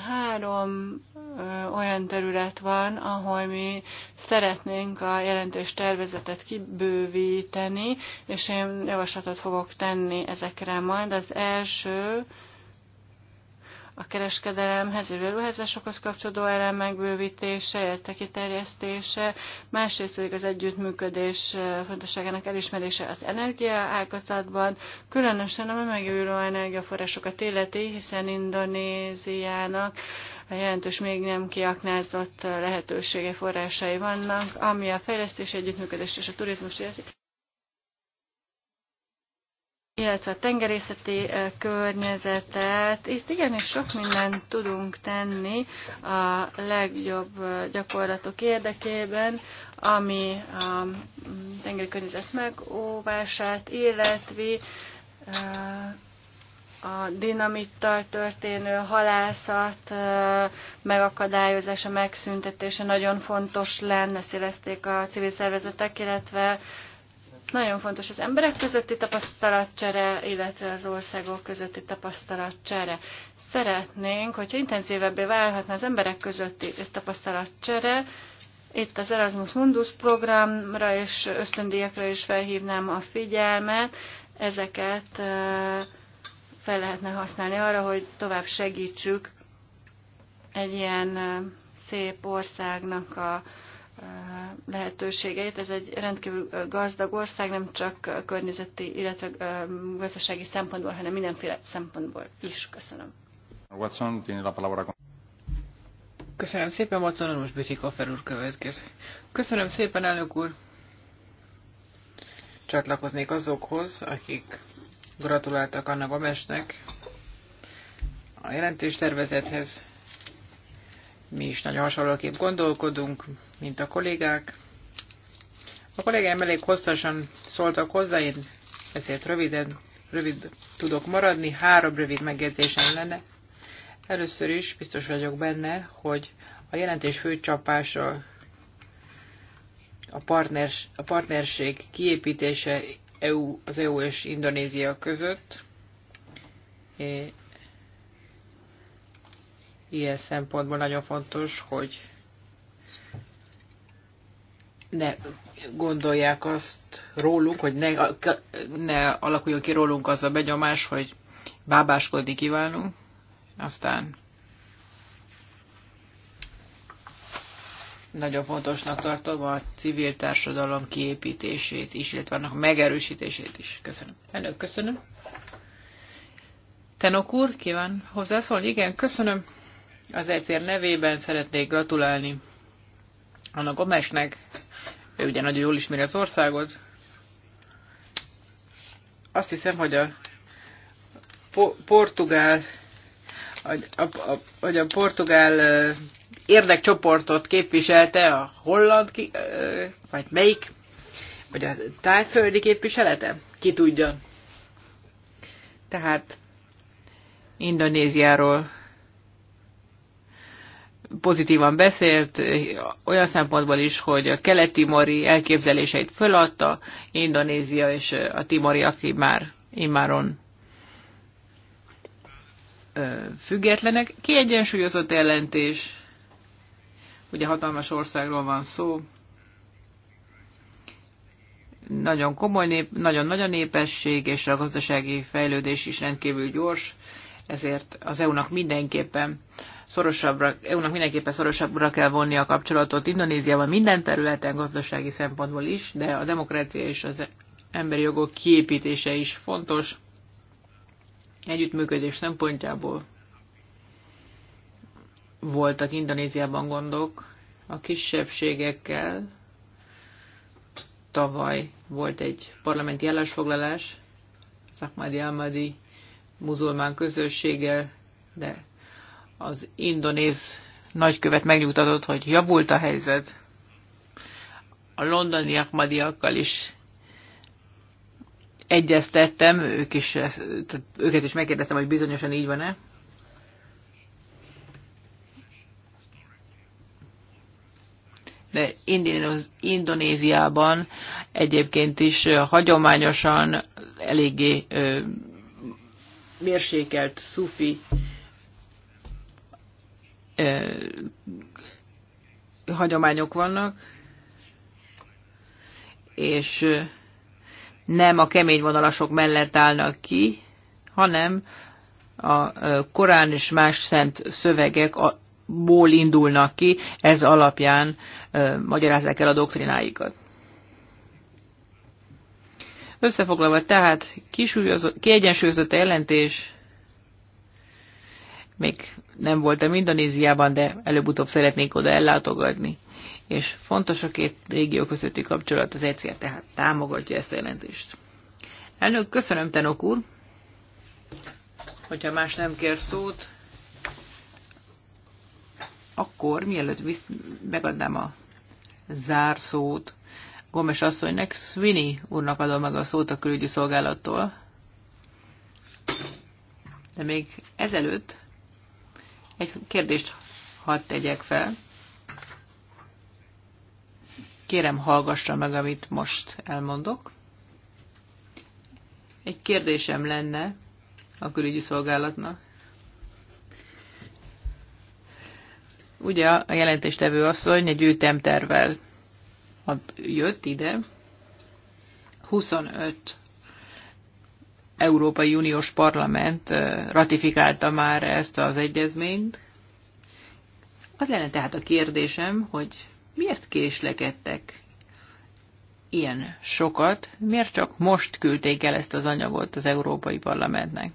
C: három olyan terület van, ahol mi szeretnénk a jelentős tervezetet kibővíteni, és én javaslatot fogok tenni ezekre majd. Az első a kereskedelemhez, a beruházásokhoz kapcsolódó elem megbővítése, illetve kiterjesztése, másrészt pedig az együttműködés eh, fontosságának elismerése az energia ágazatban, különösen a megújuló energiaforrásokat illeti, hiszen Indonéziának jelentős még nem kiaknázott eh, lehetősége forrásai vannak, ami a fejlesztés, együttműködést és a turizmus érzik illetve a tengerészeti környezetet. Itt igenis sok mindent tudunk tenni a legjobb gyakorlatok érdekében, ami a mm, tengeri környezet megóvását, illetve a dinamittal történő halászat megakadályozása, megszüntetése nagyon fontos lenne, szélezték a civil szervezetek, illetve nagyon fontos az emberek közötti tapasztalatcsere, illetve az országok közötti tapasztalatcsere. Szeretnénk, hogyha intenzívebbé válhatna az emberek közötti tapasztalatcsere, itt az Erasmus Mundus programra és ösztöndíjakra is felhívnám a figyelmet, ezeket fel lehetne használni arra, hogy tovább segítsük egy ilyen szép országnak a lehetőségeit. Ez egy rendkívül gazdag ország, nem csak környezeti, illetve gazdasági szempontból, hanem mindenféle szempontból is. Köszönöm.
A: Watson, tiene la palabra. Köszönöm szépen,
B: Watson, most Bütikofer úr következik. Köszönöm szépen, elnök úr. Csatlakoznék azokhoz, akik gratuláltak annak a mesnek a jelentéstervezethez. Mi is nagyon hasonlóképp gondolkodunk, mint a kollégák. A kollégáim elég hosszasan szóltak hozzá, én ezért röviden, rövid tudok maradni. Három rövid megjegyzésem lenne. Először is biztos vagyok benne, hogy a jelentés főcsapása a, partners, a partnerség kiépítése EU, az EU és Indonézia között, Ilyen szempontból nagyon fontos, hogy ne gondolják azt róluk, hogy ne, ne alakuljon ki rólunk az a begyomás, hogy bábáskodni kívánunk, aztán nagyon fontosnak tartom a civil társadalom kiépítését is, illetve annak megerősítését is. Köszönöm. előköszönöm. köszönöm. Tenok úr, kíván hozzászólni? Igen, köszönöm. Az egyszer nevében szeretnék gratulálni Anna Gomesnek. Ő ugye nagyon jól ismeri az országot. Azt hiszem, hogy a po portugál hogy a, a, hogy a portugál érdekcsoportot képviselte a holland, ki, vagy melyik, vagy a tájföldi képviselete? Ki tudja. Tehát Indonéziáról pozitívan beszélt, eh, olyan szempontból is, hogy a kelet-timori elképzeléseit föladta, Indonézia és eh, a timori, aki már immáron eh, függetlenek. Kiegyensúlyozott ellentés, ugye hatalmas országról van szó, nagyon komoly, nép, nagyon nagy a népesség, és a gazdasági fejlődés is rendkívül gyors, ezért az EU-nak mindenképpen szorosabbra, EU-nak mindenképpen szorosabbra kell vonni a kapcsolatot Indonéziával minden területen, gazdasági szempontból is, de a demokrácia és az emberi jogok kiépítése is fontos együttműködés szempontjából. Voltak Indonéziában gondok a kisebbségekkel. Tavaly volt egy parlamenti állásfoglalás, Szakmádi Almadi muzulmán közösséggel, de az indonéz nagykövet megnyugtatott, hogy javult a helyzet. A londoniak madiakkal is egyeztettem, ők is, tehát őket is megkérdeztem, hogy bizonyosan így van-e. De Indonéziában egyébként is hagyományosan eléggé mérsékelt szufi hagyományok vannak, és nem a kemény vonalasok mellett állnak ki, hanem a Korán és más szent szövegek ból indulnak ki, ez alapján ö, magyarázzák el a doktrináikat. Összefoglalva tehát kiegyensúlyozott jelentés még nem voltam Indonéziában, de előbb-utóbb szeretnék oda ellátogatni. És fontos a két régió közötti kapcsolat, az ECR tehát támogatja ezt a jelentést. Elnök, köszönöm, Tenok úr! Hogyha más nem kér szót, akkor mielőtt visz, megadnám a zárszót Gomes asszonynak, Swini úrnak adom meg a szót a külügyi szolgálattól. De még ezelőtt egy kérdést hadd tegyek fel. Kérem, hallgassa meg, amit most elmondok. Egy kérdésem lenne a külügyi szolgálatnak. Ugye a jelentéstevő asszony egy ütemtervel jött ide, 25 Európai Uniós Parlament ratifikálta már ezt az egyezményt. Az lenne tehát a kérdésem, hogy miért késlekedtek ilyen sokat, miért csak most küldték el ezt az anyagot az Európai Parlamentnek?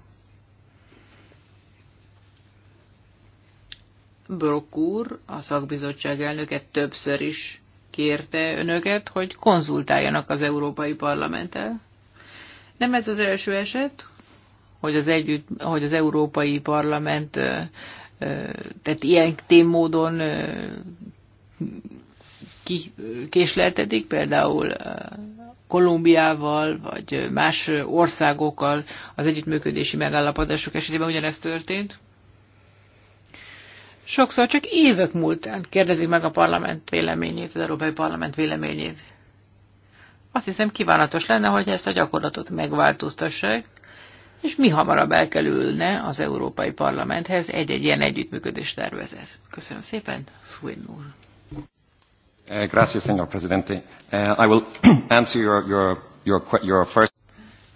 B: Brock úr, a szakbizottság elnöke többször is kérte önöket, hogy konzultáljanak az Európai Parlamenttel. Nem ez az első eset, hogy az, együtt, hogy az Európai Parlament tehát ilyen témódon ki, késleltetik, például Kolumbiával, vagy más országokkal az együttműködési megállapodások esetében ugyanezt történt. Sokszor csak évek múltán kérdezik meg a parlament véleményét, az Európai Parlament véleményét. Azt hiszem kívánatos lenne, hogy ezt a gyakorlatot megváltoztassák, és mi hamarabb elkerülne az Európai Parlamenthez egy-egy ilyen együttműködés tervezet. Köszönöm szépen, Szuin úr.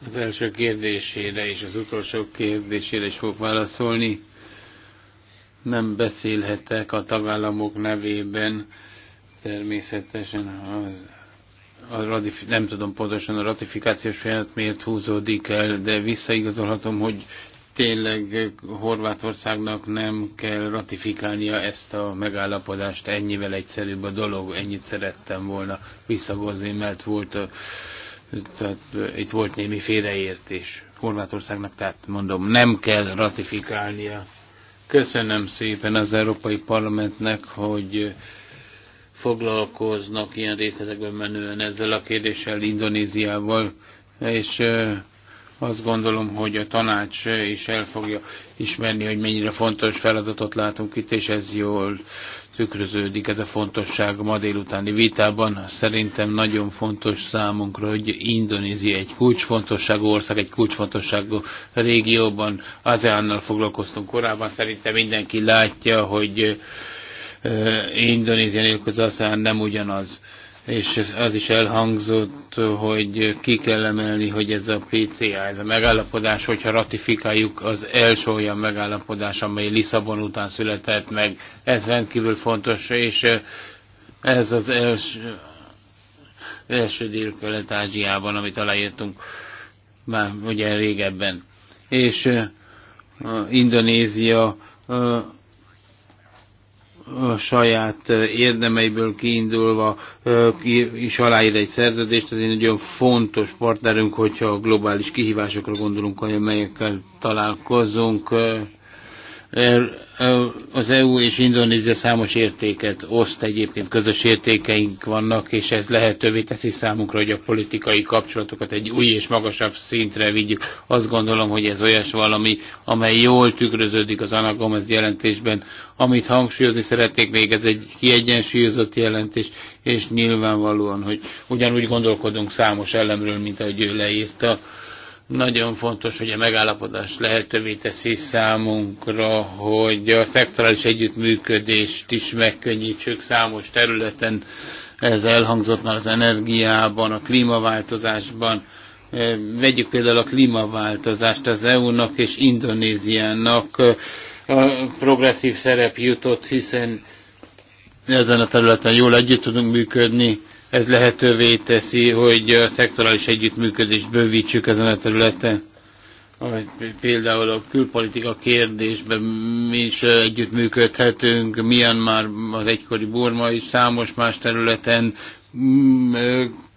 A: Az első kérdésére és az utolsó kérdésére is fogok válaszolni. Nem beszélhetek a tagállamok nevében, természetesen az a ratif- nem tudom pontosan a ratifikációs folyamat miért húzódik el, de visszaigazolhatom, hogy tényleg Horvátországnak nem kell ratifikálnia ezt a megállapodást, ennyivel egyszerűbb a dolog, ennyit szerettem volna visszagozni, mert volt a, tehát itt volt némi félreértés. Horvátországnak, tehát mondom, nem kell ratifikálnia. Köszönöm szépen az Európai Parlamentnek, hogy foglalkoznak ilyen részletekben menően ezzel a kérdéssel, Indonéziával, és azt gondolom, hogy a tanács is el fogja ismerni, hogy mennyire fontos feladatot látunk itt, és ez jól tükröződik ez a fontosság a ma délutáni vitában. Szerintem nagyon fontos számunkra, hogy Indonézia egy kulcsfontosságú ország, egy kulcsfontosságú régióban. ASEAN-nal foglalkoztunk korábban, szerintem mindenki látja, hogy Indonézia nélkül az aztán nem ugyanaz. És az is elhangzott, hogy ki kell emelni, hogy ez a PCA, ez a megállapodás, hogyha ratifikáljuk az első olyan megállapodás, amely Lisszabon után született meg, ez rendkívül fontos, és ez az első, első Dél-Kelet-Ázsiában, amit aláírtunk már ugye régebben. És uh, Indonézia uh, a saját érdemeiből kiindulva is aláír egy szerződést, ez egy nagyon fontos partnerünk, hogyha a globális kihívásokra gondolunk, amelyekkel találkozunk. Az EU és Indonézia számos értéket oszt, egyébként közös értékeink vannak, és ez lehetővé teszi számunkra, hogy a politikai kapcsolatokat egy új és magasabb szintre vigyük. Azt gondolom, hogy ez olyas valami, amely jól tükröződik az Anagomez jelentésben. Amit hangsúlyozni szeretnék még, ez egy kiegyensúlyozott jelentés, és nyilvánvalóan, hogy ugyanúgy gondolkodunk számos elemről, mint ahogy ő leírta nagyon fontos, hogy a megállapodás lehetővé teszi számunkra, hogy a szektorális együttműködést is megkönnyítsük számos területen. Ez elhangzott már az energiában, a klímaváltozásban. E, vegyük például a klímaváltozást az EU-nak és Indonéziának. E, a progresszív szerep jutott, hiszen ezen a területen jól együtt tudunk működni ez lehetővé teszi, hogy a szektorális együttműködést bővítsük ezen a területen. Például a külpolitika kérdésben mi is együttműködhetünk, milyen már az egykori Burma is számos más területen, mm,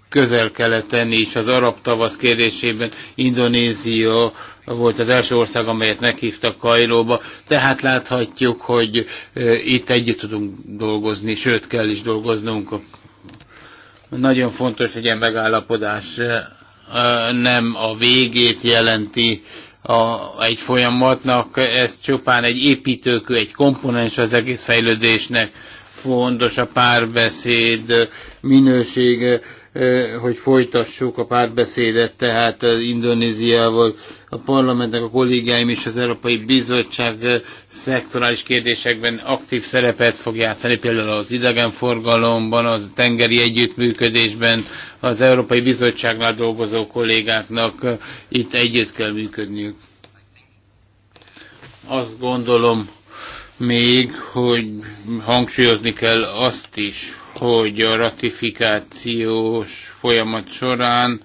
A: közel-keleten is, az arab tavasz kérdésében Indonézia volt az első ország, amelyet meghívtak Kajlóba, tehát láthatjuk, hogy itt együtt tudunk dolgozni, sőt kell is dolgoznunk nagyon fontos, hogy ilyen megállapodás eh, eh, nem a végét jelenti a, egy folyamatnak, ez csupán egy építőkő, egy komponens az egész fejlődésnek. Fontos a párbeszéd minősége, hogy folytassuk a párbeszédet, tehát az Indonéziával, a parlamentnek a kollégáim és az Európai Bizottság szektorális kérdésekben aktív szerepet fog játszani, például az idegenforgalomban, az tengeri együttműködésben, az Európai Bizottságnál dolgozó kollégáknak itt együtt kell működniük. Azt gondolom még, hogy hangsúlyozni kell azt is, hogy a ratifikációs folyamat során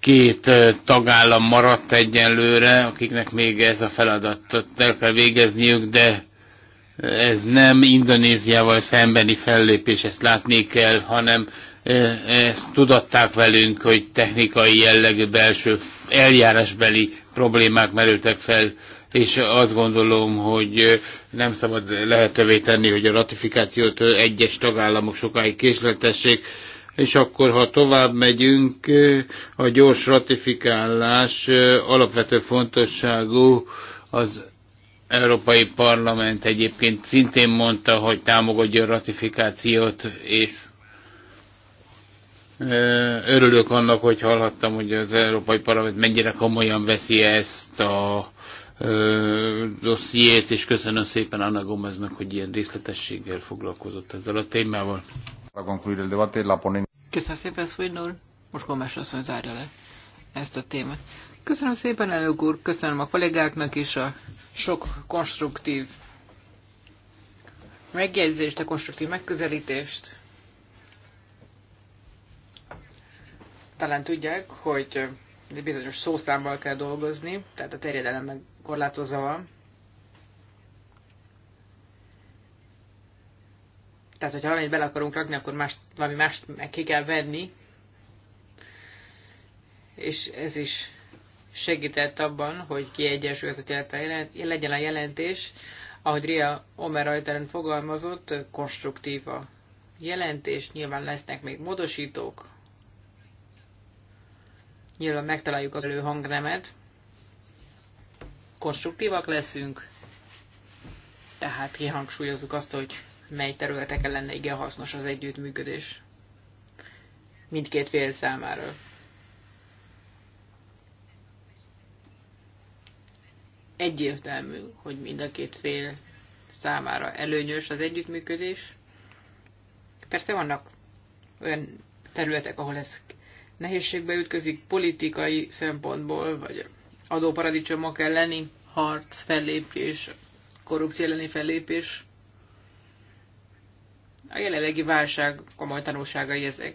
A: két tagállam maradt egyenlőre, akiknek még ez a feladatot el kell végezniük, de ez nem Indonéziával szembeni fellépés, ezt látni kell, hanem ezt tudatták velünk, hogy technikai jellegű belső eljárásbeli problémák merültek fel és azt gondolom, hogy nem szabad lehetővé tenni, hogy a ratifikációt egyes tagállamok sokáig késletessék, és akkor, ha tovább megyünk, a gyors ratifikálás alapvető fontosságú az Európai Parlament egyébként szintén mondta, hogy támogatja a ratifikációt, és örülök annak, hogy hallhattam, hogy az Európai Parlament mennyire komolyan veszi ezt a dossziét, és köszönöm szépen Anna Gomeznak, hogy ilyen részletességgel foglalkozott ezzel a témával.
B: Köszönöm szépen, Swindor. Most Gomes asszony zárja le ezt a témát. Köszönöm szépen, elnök úr, köszönöm a kollégáknak is a sok konstruktív megjegyzést, a konstruktív megközelítést. Talán tudják, hogy bizonyos szószámmal kell dolgozni, tehát a terjedelem meg korlátozva van. Tehát, hogyha valamit bele akarunk rakni, akkor más, valami mást meg ki kell venni. És ez is segített abban, hogy kiegyensúlyozott legyen a jelentés. Ahogy Ria Omer Ajtelen fogalmazott, konstruktív a jelentés, nyilván lesznek még módosítók, nyilván megtaláljuk az előhangnemet, konstruktívak leszünk, tehát kihangsúlyozzuk azt, hogy mely területeken lenne igen hasznos az együttműködés mindkét fél számára. Egyértelmű, hogy mind a két fél számára előnyös az együttműködés. Persze vannak olyan területek, ahol ez nehézségbe ütközik politikai szempontból, vagy adóparadicsomok elleni harc, fellépés, korrupció elleni fellépés. A jelenlegi válság komoly tanulságai ezek.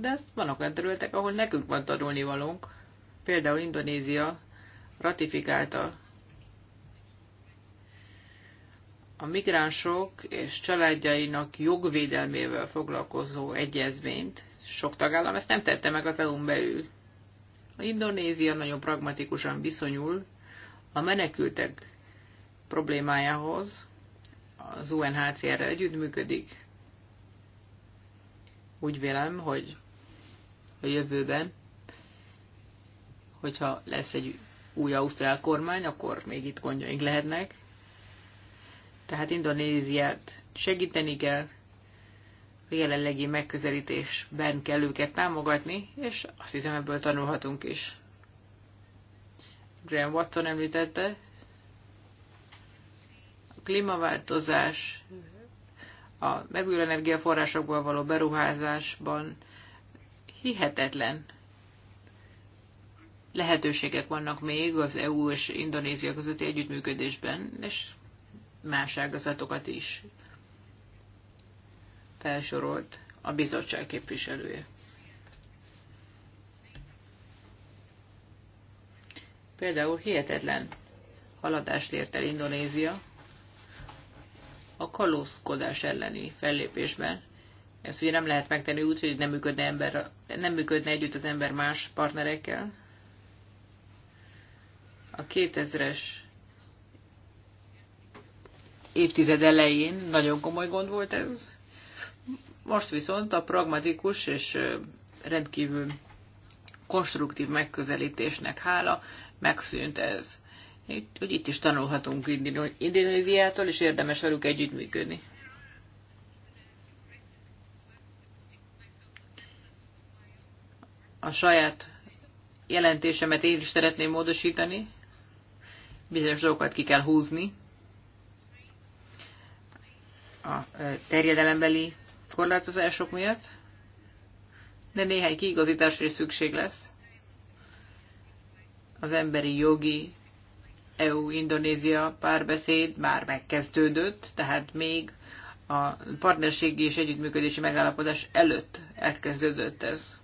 B: De ezt vannak olyan területek, ahol nekünk van tanulnivalónk. Például Indonézia ratifikálta a migránsok és családjainak jogvédelmével foglalkozó egyezményt. Sok tagállam ezt nem tette meg az EU-n belül. Indonézia nagyon pragmatikusan viszonyul a menekültek problémájához, az unhcr együtt együttműködik. Úgy vélem, hogy a jövőben, hogyha lesz egy új ausztrál kormány, akkor még itt gondjaink lehetnek. Tehát Indonéziát segíteni kell, a jelenlegi megközelítésben kell őket támogatni, és azt hiszem ebből tanulhatunk is. Graham Watson említette, a klímaváltozás, a megújuló energiaforrásokból való beruházásban hihetetlen lehetőségek vannak még az EU és Indonézia közötti együttműködésben, és más ágazatokat is felsorolt a bizottság képviselője. Például hihetetlen haladást ért el Indonézia a kalózkodás elleni fellépésben. Ezt ugye nem lehet megtenni úgy, hogy nem működne, ember, nem működne együtt az ember más partnerekkel. A 2000-es évtized elején nagyon komoly gond volt ez. Most viszont a pragmatikus és rendkívül konstruktív megközelítésnek hála megszűnt ez. Itt, hogy itt is tanulhatunk Indonéziától, és érdemes velük együttműködni. A saját jelentésemet én is szeretném módosítani. Bizonyos dolgokat ki kell húzni. A terjedelembeli korlátozások miatt, de néhány kiigazításra is szükség lesz. Az emberi jogi EU-Indonézia párbeszéd már megkezdődött, tehát még a partnerségi és együttműködési megállapodás előtt elkezdődött ez.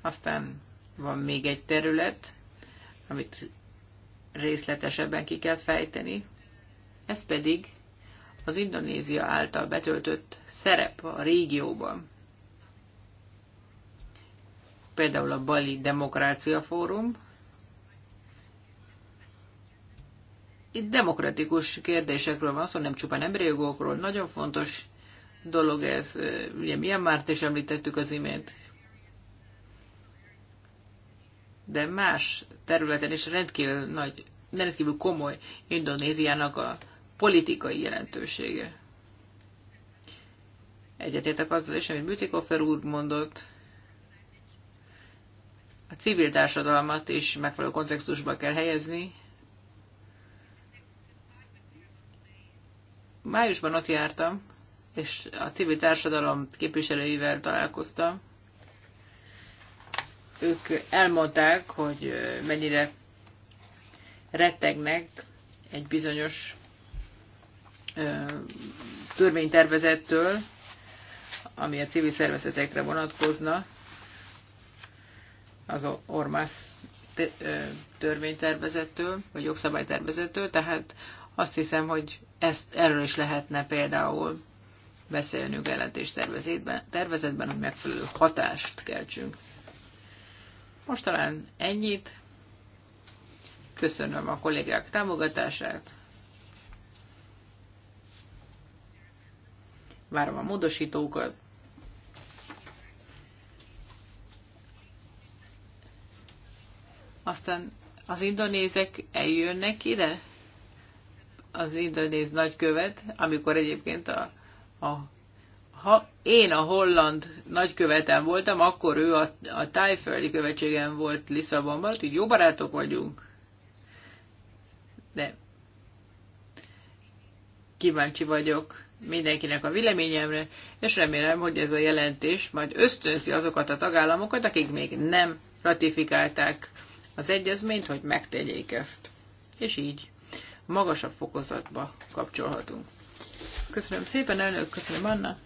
B: Aztán van még egy terület, amit részletesebben ki kell fejteni. Ez pedig az Indonézia által betöltött szerep a régióban. Például a Bali Demokrácia Fórum. Itt demokratikus kérdésekről van szó, nem csupán emberi jogokról. Nagyon fontos dolog ez. Ugye milyen márt is említettük az imént. De más területen is rendkívül nagy, rendkívül komoly Indonéziának a politikai jelentősége. Egyetértek azzal is, amit Bütikofer úr mondott, a civil társadalmat is megfelelő kontextusba kell helyezni. Májusban ott jártam, és a civil társadalom képviselőivel találkoztam. Ők elmondták, hogy mennyire rettegnek egy bizonyos törvénytervezettől, ami a civil szervezetekre vonatkozna, az Ormász törvénytervezettől, vagy jogszabálytervezettől, tehát azt hiszem, hogy ezt, erről is lehetne például beszélnünk jelentés tervezetben, hogy megfelelő hatást keltsünk. Most talán ennyit. Köszönöm a kollégák támogatását. várom a módosítókat. Aztán az indonézek eljönnek ide? Az indonéz nagykövet, amikor egyébként a, a ha én a holland nagykövetem voltam, akkor ő a, a tájföldi követségem volt Lisszabonban, úgyhogy jó barátok vagyunk. De kíváncsi vagyok mindenkinek a véleményemre, és remélem, hogy ez a jelentés majd ösztönzi azokat a tagállamokat, akik még nem ratifikálták az egyezményt, hogy megtegyék ezt. És így magasabb fokozatba kapcsolhatunk. Köszönöm szépen, elnök, köszönöm Anna.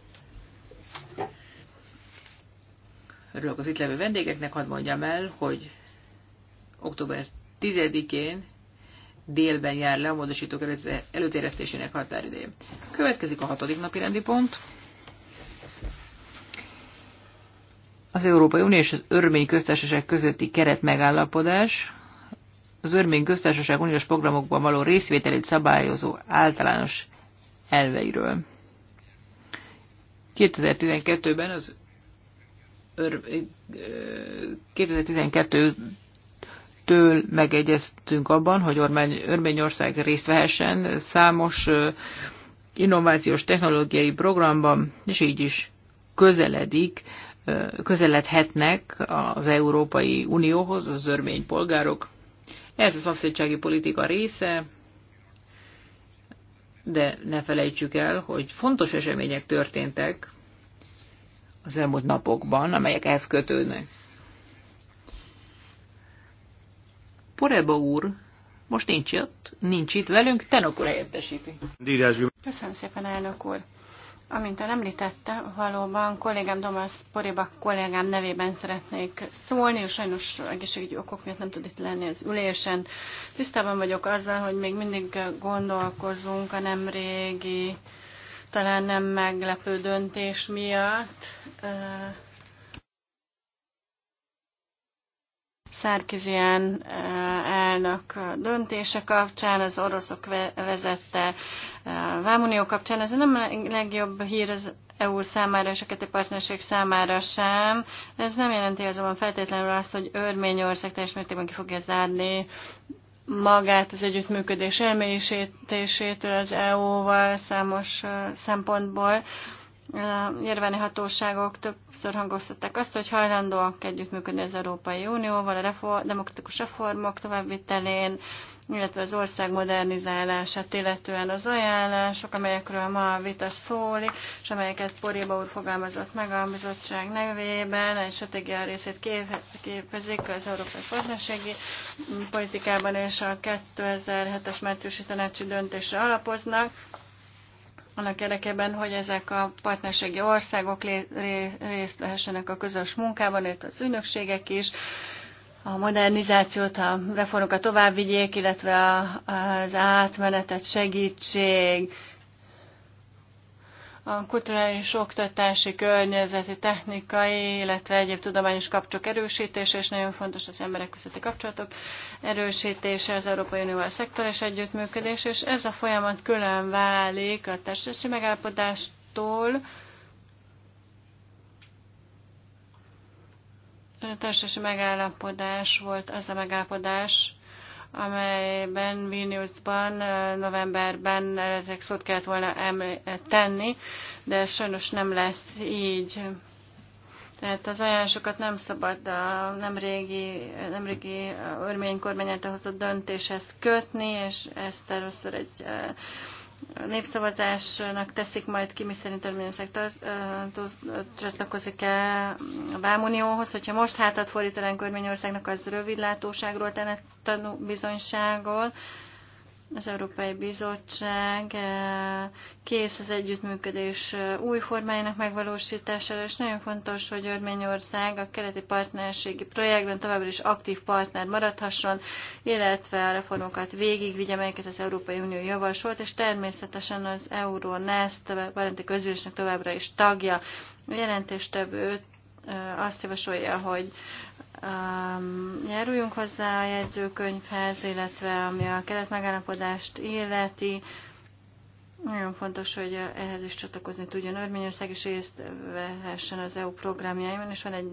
B: Örülök az itt levő vendégeknek, hadd mondjam el, hogy október 10-én délben jár le a módosítók előterjesztésének határideje. Következik a hatodik napi rendi pont. Az Európai Unió és az Örmény Köztársaság közötti keret megállapodás az Örmény Köztársaság uniós programokban való részvételét szabályozó általános elveiről. 2012-ben az 2012 től megegyeztünk abban, hogy Örményország részt vehessen számos innovációs technológiai programban, és így is közeledik, közeledhetnek az Európai Unióhoz az örmény polgárok. Ez a szomszédsági politika része, de ne felejtsük el, hogy fontos események történtek az elmúlt napokban, amelyek ehhez kötődnek. Poreba úr most nincs itt, nincs itt velünk, Tenok úr helyettesíti.
C: Köszönöm szépen, elnök úr. Amint ön említette, valóban kollégám Domasz Poriba kollégám nevében szeretnék szólni, és sajnos egészségügyi okok miatt nem tud itt lenni az ülésen. Tisztában vagyok azzal, hogy még mindig gondolkozunk a nem régi, talán nem meglepő döntés miatt Szárkizián eh, elnök döntése kapcsán, az oroszok vezette eh, Vámunió kapcsán. Ez nem a legjobb hír az EU számára és a keti partnerség számára sem. Ez nem jelenti azonban feltétlenül azt, hogy Örményország teljes mértékben ki fogja zárni magát az együttműködés elmélyítésétől az EU-val számos eh, szempontból. Nyilváni hatóságok többször hangoztatták azt, hogy hajlandóak együttműködni az Európai Unióval a reform, demokratikus reformok továbbvitelén, illetve az ország modernizálását, illetően az ajánlások, amelyekről ma a vita szóli, és amelyeket Poréba úr fogalmazott meg a bizottság nevében, egy stratégia részét képezik az Európai Partnerségi Politikában, és a 2007-es márciusi tanácsi döntésre alapoznak annak érdekében, hogy ezek a partnerségi országok részt vehessenek a közös munkában, itt az ünökségek is, a modernizációt, a reformokat tovább vigyék, illetve az átmenetet segítség, a kulturális oktatási, környezeti, technikai, illetve egyéb tudományos kapcsok erősítése, és nagyon fontos az emberek közötti kapcsolatok erősítése, az Európai Unióval szektoros együttműködés, és ez a folyamat külön válik a társadalmi megállapodástól, társasi megállapodás volt az a megállapodás, amelyben Vilniusban novemberben ezek szót kellett volna tenni, de ez sajnos nem lesz így. Tehát az ajánlásokat nem szabad a nemrégi, nemrégi örmény kormány által hozott döntéshez kötni, és ezt először egy népszavazásnak teszik majd ki, szerint Örményország csatlakozik-e a Bámunióhoz, Hogyha most hátat fordítanánk Örményországnak, az rövidlátóságról tenne bizonyságot. Az Európai Bizottság eh, kész az együttműködés eh, új formájának megvalósítására, és nagyon fontos, hogy Örményország a keleti partnerségi projektben továbbra is aktív partner maradhasson, illetve a reformokat végigvigye, melyeket az Európai Unió javasolt, és természetesen az Euronest valenti közülésnek továbbra is tagja. A jelentéstevő eh, azt javasolja, hogy um, járuljunk hozzá a jegyzőkönyvhez, illetve ami a keletmegállapodást illeti. Nagyon fontos, hogy ehhez is csatlakozni tudjon Örményország, és részt vehessen az EU programjaiban, és van egy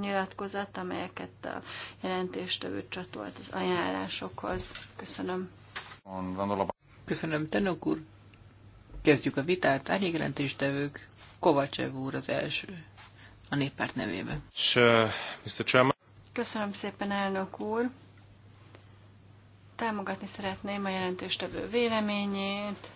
C: nyilatkozat, amelyeket a jelentéstevő csatolt az ajánlásokhoz. Köszönöm.
B: Köszönöm, Tenok úr. Kezdjük a vitát. Árnyék jelentéstevők. Kovacsev úr az első a néppárt nevében.
C: Köszönöm szépen, elnök úr! Támogatni szeretném a jelentéstevő véleményét,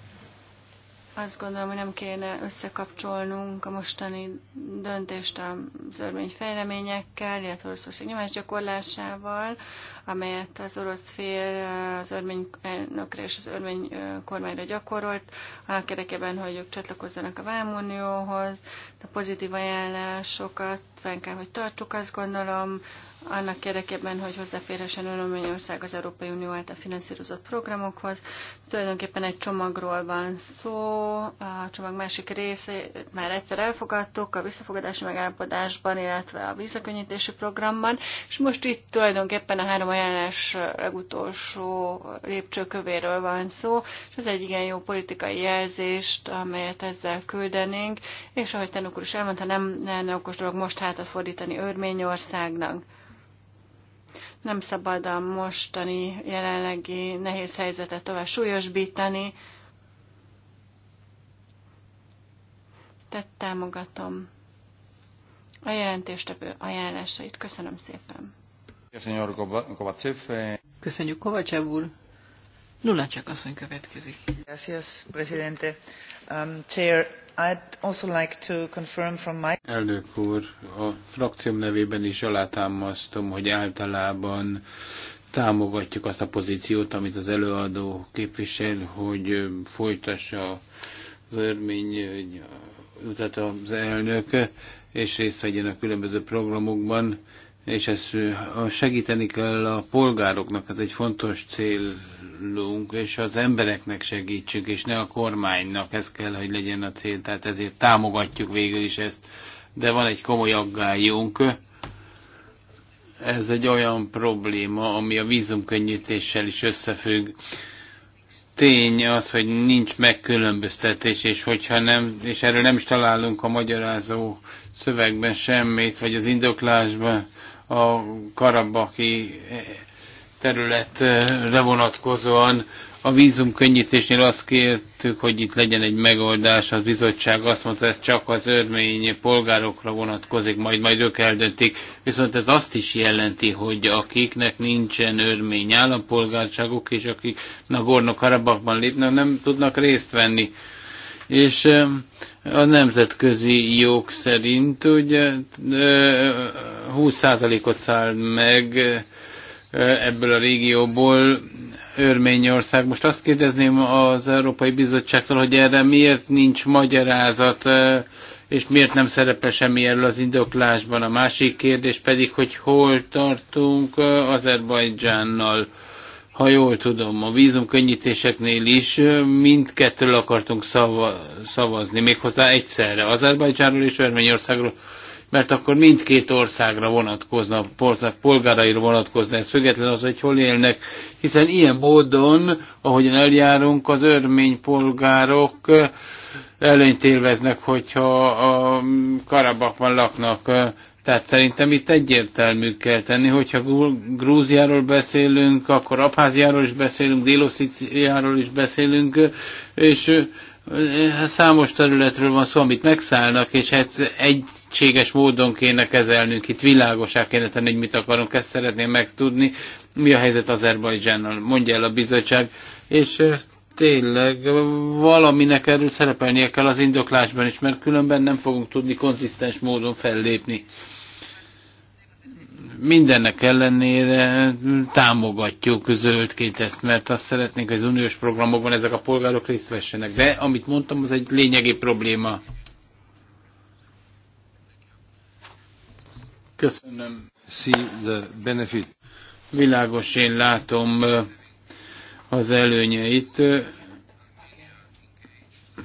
C: azt gondolom, hogy nem kéne összekapcsolnunk a mostani döntést a örmény fejleményekkel, illetve Oroszország gyakorlásával, amelyet az orosz fél az örmény elnökre és az örmény kormányra gyakorolt, annak érdekében, hogy ők csatlakozzanak a Vámunióhoz, a pozitív ajánlásokat fenn kell, hogy tartsuk, azt gondolom, annak érdekében, hogy hozzáférhessen Örményország az Európai Unió által finanszírozott programokhoz. Tulajdonképpen egy csomagról van szó, a csomag másik része már egyszer elfogadtuk a visszafogadási megállapodásban, illetve a visszakönnyítési programban, és most itt tulajdonképpen a három ajánlás legutolsó lépcsőkövéről van szó, és ez egy igen jó politikai jelzést, amelyet ezzel küldenénk, és ahogy Tenok is elmondta, nem lenne okos dolog most hátat fordítani Örményországnak. Nem szabad a mostani jelenlegi nehéz helyzetet tovább súlyosbítani. Tehát támogatom a jelentéstevő ajánlásait. Köszönöm szépen.
A: Eh.
B: Köszönjük, Kovácsev úr. Lunacsak asszony következik. Gracias, presidente.
C: Um, chair,
A: Elnök úr, a frakcióm nevében is alátámasztom, hogy általában támogatjuk azt a pozíciót, amit az előadó képvisel, hogy folytassa az örmény, tehát az elnök, és részt vegyen a különböző programokban, és ez segíteni kell a polgároknak, ez egy fontos célunk, és az embereknek segítsük, és ne a kormánynak, ez kell, hogy legyen a cél, tehát ezért támogatjuk végül is ezt, de van egy komoly aggályunk, ez egy olyan probléma, ami a vízumkönnyítéssel is összefügg. Tény az, hogy nincs megkülönböztetés, és hogyha nem, és erről nem is találunk a magyarázó szövegben semmit, vagy az indoklásban, a karabaki területre eh, vonatkozóan. A vízum könnyítésnél azt kértük, hogy itt legyen egy megoldás. A bizottság azt mondta, ez csak az örmény polgárokra vonatkozik, majd majd ők eldöntik. Viszont ez azt is jelenti, hogy akiknek nincsen örmény állampolgárságuk, és akik Nagorno-Karabakban lépnek, nem tudnak részt venni. És eh, a nemzetközi jog szerint ugye 20%-ot száll meg ebből a régióból Örményország. Most azt kérdezném az Európai Bizottságtól, hogy erre miért nincs magyarázat, és miért nem szerepel semmi erről az indoklásban. A másik kérdés pedig, hogy hol tartunk Azerbajdzsánnal ha jól tudom, a vízumkönnyítéseknél is mindkettől akartunk szava, szavazni, méghozzá egyszerre, Azerbajdzsánról és Örményországról, mert akkor mindkét országra vonatkozna, ország polgáraira vonatkozna, ez független az, hogy hol élnek, hiszen ilyen módon, ahogyan eljárunk, az örmény polgárok előnyt élveznek, hogyha a Karabakban laknak, tehát szerintem itt egyértelmű kell tenni, hogyha Grúziáról beszélünk, akkor Abháziáról is beszélünk, Délosziciáról is beszélünk, és eh, számos területről van szó, amit megszállnak, és hát egységes módon kéne kezelnünk, itt világosá kéne tenni, hogy mit akarunk, ezt szeretném megtudni. Mi a helyzet Azerbajdzsánnal, mondja el a bizottság, és eh, tényleg valaminek erről szerepelnie kell az indoklásban is, mert különben nem fogunk tudni konzisztens módon fellépni mindennek ellenére támogatjuk zöldként ezt, mert azt szeretnénk, hogy az uniós programokban ezek a polgárok részt vessenek. De amit mondtam, az egy lényegi probléma. Köszönöm. See the benefit. Világos, én látom az előnyeit,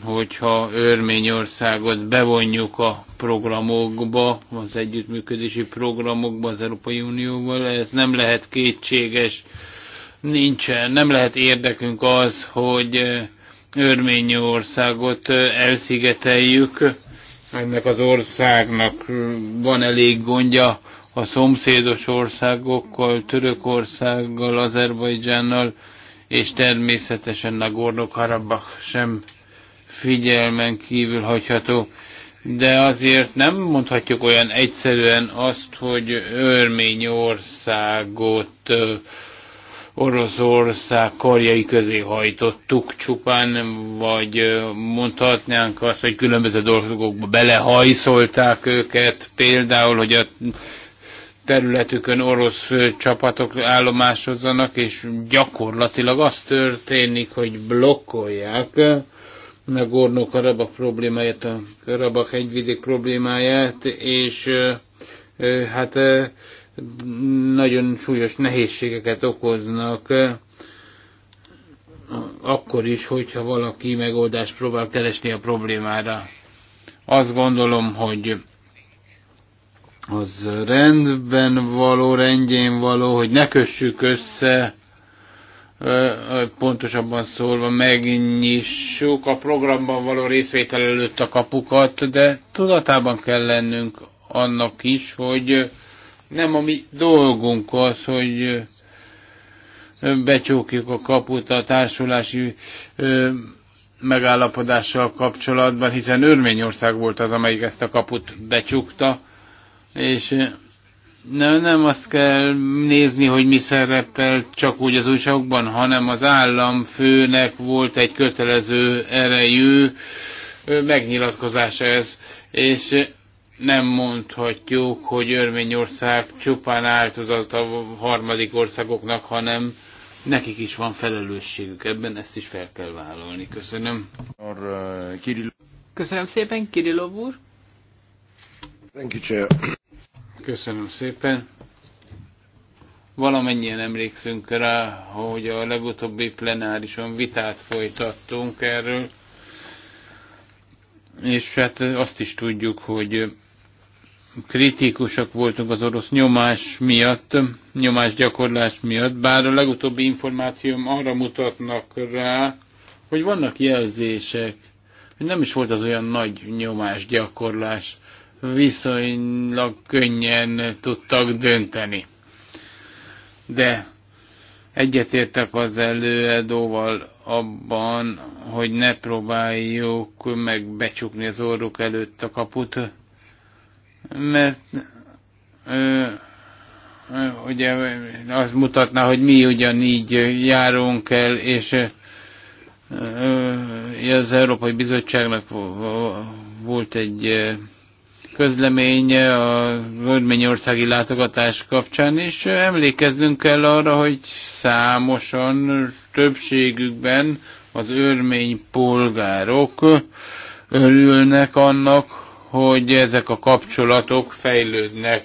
A: hogyha Örményországot bevonjuk a programokba, az együttműködési programokba az Európai Unióval, ez nem lehet kétséges, nincsen, nem lehet érdekünk az, hogy eh, Örményországot eh, elszigeteljük, ennek az országnak eh, van elég gondja a szomszédos országokkal, Törökországgal, Azerbajdzsánnal, és természetesen Nagorno-Karabakh sem figyelmen kívül hagyható de azért nem mondhatjuk olyan egyszerűen azt, hogy Örményországot Oroszország karjai közé hajtottuk csupán, vagy mondhatnánk azt, hogy különböző dolgokba belehajszolták őket, például, hogy a területükön orosz csapatok állomásozzanak, és gyakorlatilag az történik, hogy blokkolják Nagorno-Karabakh problémáját, a Karabakh hegyvidék problémáját, és hát nagyon súlyos nehézségeket okoznak, akkor is, hogyha valaki megoldást próbál keresni a problémára. Azt gondolom, hogy az rendben való, rendjén való, hogy ne kössük össze pontosabban szólva megnyissuk a programban való részvétel előtt a kapukat, de tudatában kell lennünk annak is, hogy nem a mi dolgunk az, hogy becsókjuk a kaput a társulási megállapodással kapcsolatban, hiszen Örményország volt az, amelyik ezt a kaput becsukta, és nem, nem azt kell nézni, hogy mi szerepel csak úgy az újságokban, hanem az államfőnek volt egy kötelező erejű megnyilatkozása ez, és nem mondhatjuk, hogy Örményország csupán áltozat a harmadik országoknak, hanem nekik is van felelősségük ebben, ezt is fel kell vállalni. Köszönöm. Uh, Köszönöm szépen, Kirillov úr. Thank you, Köszönöm szépen. Valamennyien emlékszünk rá, hogy a legutóbbi plenárison vitát folytattunk erről, és hát azt is tudjuk, hogy kritikusak voltunk az orosz nyomás miatt, nyomásgyakorlás miatt, bár a legutóbbi információm arra mutatnak rá, hogy vannak jelzések, hogy nem is volt az olyan nagy nyomásgyakorlás, viszonylag könnyen tudtak dönteni. De egyetértek az előadóval abban, hogy ne próbáljuk meg becsukni az orruk előtt a kaput, mert ö, ö, ugye az mutatná, hogy mi ugyanígy járunk el, és ö, az Európai Bizottságnak volt egy közleménye eh, a örményországi látogatás kapcsán, és emlékeznünk kell arra, hogy számosan többségükben az örmény polgárok örülnek annak, hogy ezek a kapcsolatok fejlődnek.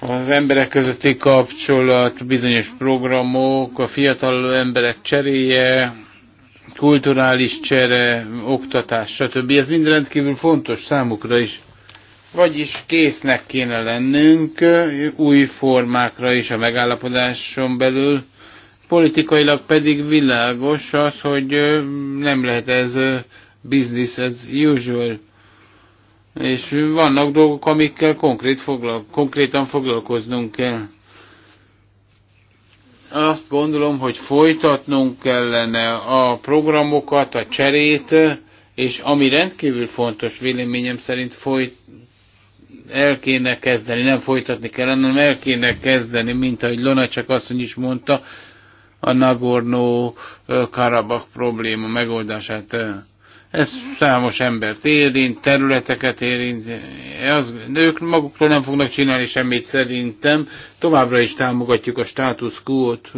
A: Az emberek közötti kapcsolat, bizonyos programok, a fiatal emberek cseréje, kulturális csere, oktatás, stb. Ez mind rendkívül fontos számukra is. Vagyis késznek kéne lennünk új formákra is a megállapodáson belül, politikailag pedig világos az, hogy nem lehet ez business as usual. És vannak dolgok, amikkel konkrét foglalko- konkrétan foglalkoznunk kell. Azt gondolom, hogy folytatnunk kellene a programokat, a cserét, és ami rendkívül fontos véleményem szerint folyt, el kéne kezdeni, nem folytatni kellene, hanem el kéne kezdeni, mint ahogy Lona csak asszony is mondta, a Nagorno-Karabakh probléma megoldását ez számos embert érint, területeket érint, az, ők maguktól nem fognak csinálni semmit szerintem. Továbbra is támogatjuk a status quo-t,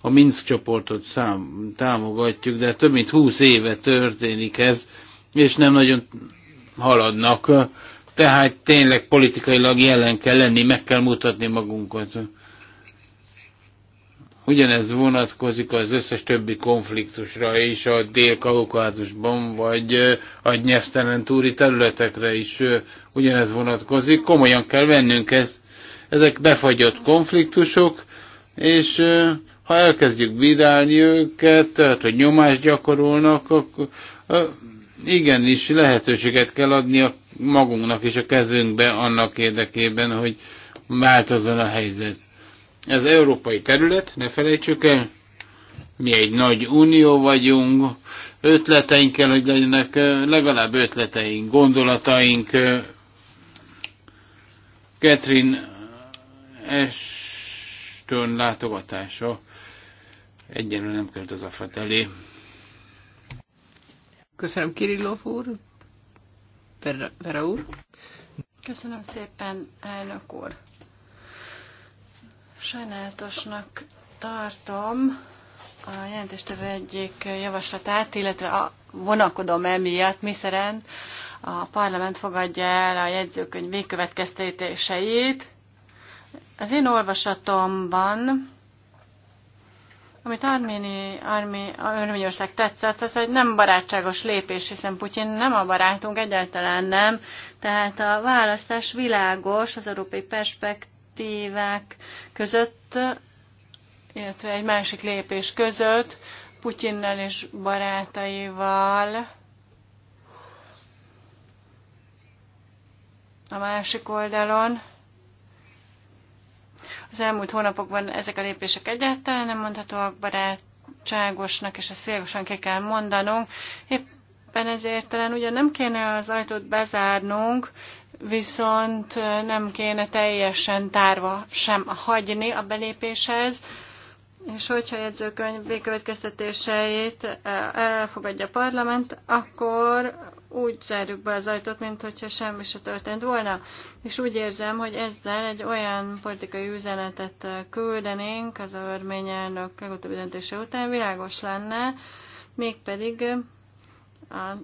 A: a Minsk csoportot szám, támogatjuk, de több mint húsz éve történik ez, és nem nagyon haladnak. Tehát tényleg politikailag jelen kell lenni, meg kell mutatni magunkat. Ugyanez vonatkozik az összes többi konfliktusra is, a Dél-Kaukázusban, vagy a nyesztelen túri területekre is ugyanez vonatkozik. Komolyan kell vennünk ezt. Ezek befagyott konfliktusok, és ha elkezdjük bírálni őket, tehát hogy nyomást gyakorolnak, akkor igenis lehetőséget kell adni a magunknak és a kezünkbe annak érdekében, hogy változzon a helyzet. Ez európai terület, ne felejtsük el. Mi egy nagy unió vagyunk, ötleteink kell, hogy legyenek legalább ötleteink, gondolataink. Catherine Ashton látogatása egyenlően nem került az AFA elé.
B: Köszönöm Kirillov úr. Vera, Vera úr.
C: Köszönöm szépen, elnök úr. Sajnálatosnak tartom a jelentéstevő egyik javaslatát, illetve a vonakodom emiatt, miszerint a parlament fogadja el a jegyzőkönyv végkövetkeztetéseit. Az én olvasatomban amit Arméni, Armé, Örményország tetszett, az egy nem barátságos lépés, hiszen Putyin nem a barátunk, egyáltalán nem. Tehát a választás világos, az európai perspektív perspektívák között, illetve egy másik lépés között, Putyinnal és barátaival, a másik oldalon. Az elmúlt hónapokban ezek a lépések egyáltalán nem mondhatóak barátságosnak, és ezt szélgosan ki kell mondanunk. Éppen ezért talán ugyan nem kéne az ajtót bezárnunk, viszont nem kéne teljesen tárva sem hagyni a belépéshez, és hogyha a jegyzőkönyv végkövetkeztetéseit elfogadja a parlament, akkor úgy zárjuk be az ajtót, mint hogyha semmi se történt volna. És úgy érzem, hogy ezzel egy olyan politikai üzenetet küldenénk az örmény elnök legutóbbi döntése után, világos lenne, mégpedig a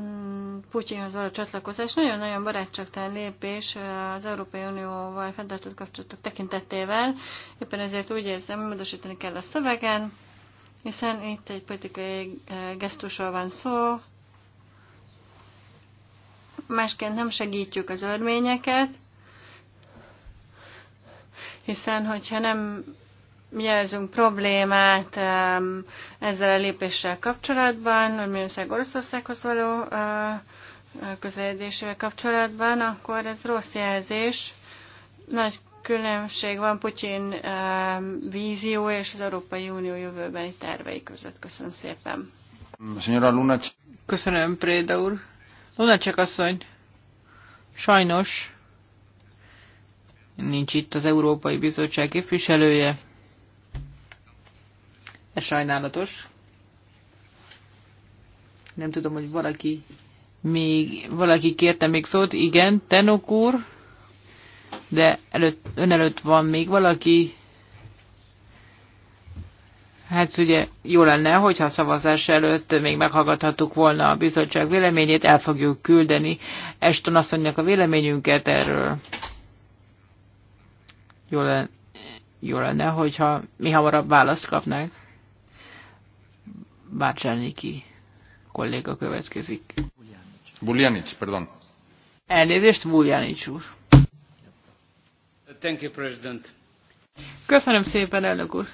C: Mm, Putyinhoz való csatlakozás nagyon-nagyon barátságtalan lépés az Európai Unióval fenntartott kapcsolatok tekintetével. Éppen ezért úgy érzem, hogy módosítani kell a szövegen, hiszen itt egy politikai gesztusról van szó. Másként nem segítjük az örményeket, hiszen hogyha nem jelzünk problémát ezzel a lépéssel kapcsolatban, Örményország Oroszországhoz való közeledésével kapcsolatban, akkor ez rossz jelzés. Nagy különbség van Putyin vízió és az Európai Unió jövőbeni tervei között. Köszönöm szépen.
A: Köszönöm,
B: Préda úr. Lunacek asszony, sajnos nincs itt az Európai Bizottság képviselője, ez sajnálatos. Nem tudom, hogy valaki még, valaki kérte még szót. Igen, Tenok úr, de előtt, ön előtt van még valaki. Hát ugye jó lenne, hogyha a szavazás előtt még meghallgathattuk volna a bizottság véleményét, el fogjuk küldeni Eston mondják a véleményünket erről. Jó lenne, jó lenne hogyha mi hamarabb választ kapnánk. Bácsániki kolléga következik.
A: Buljanics, pardon.
B: Elnézést, Buljanics úr.
A: Thank you, President.
B: Köszönöm szépen, elnök úr.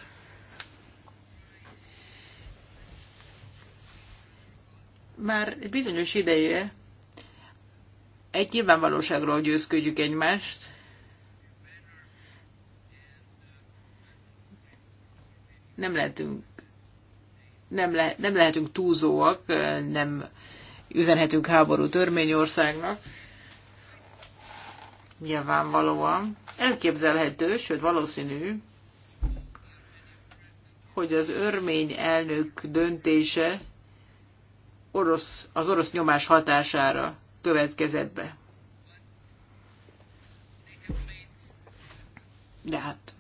B: Már bizonyos ideje egy nyilvánvalóságról győzködjük egymást, nem lehetünk nem, le, nem lehetünk túlzóak, nem üzenhetünk háború törményországnak. Nyilvánvalóan elképzelhető, sőt valószínű, hogy az örmény elnök döntése orosz, az orosz nyomás hatására következett be. De hát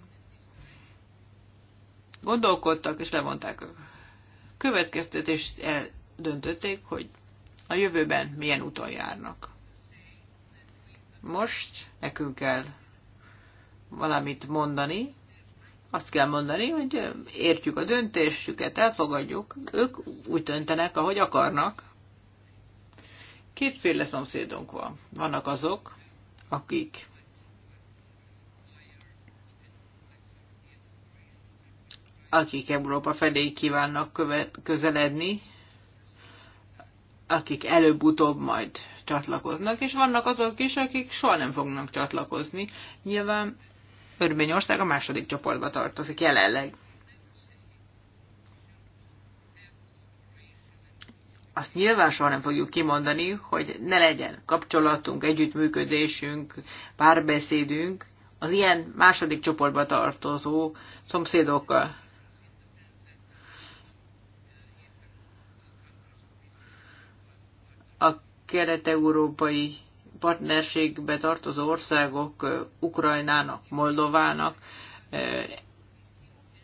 B: gondolkodtak és levonták a következtetést döntötték, hogy a jövőben milyen úton járnak. Most nekünk kell valamit mondani, azt kell mondani, hogy értjük a döntésüket, elfogadjuk, ők úgy döntenek, ahogy akarnak. Kétféle szomszédunk van. Vannak azok, akik akik Európa felé kívánnak követ, közeledni, akik előbb-utóbb majd csatlakoznak, és vannak azok is, akik soha nem fognak csatlakozni. Nyilván Örményország a második csoportba tartozik jelenleg. Azt nyilván soha nem fogjuk kimondani, hogy ne legyen kapcsolatunk, együttműködésünk, párbeszédünk az ilyen második csoportba tartozó szomszédokkal. kelet-európai partnerségbe tartozó országok Ukrajnának, Moldovának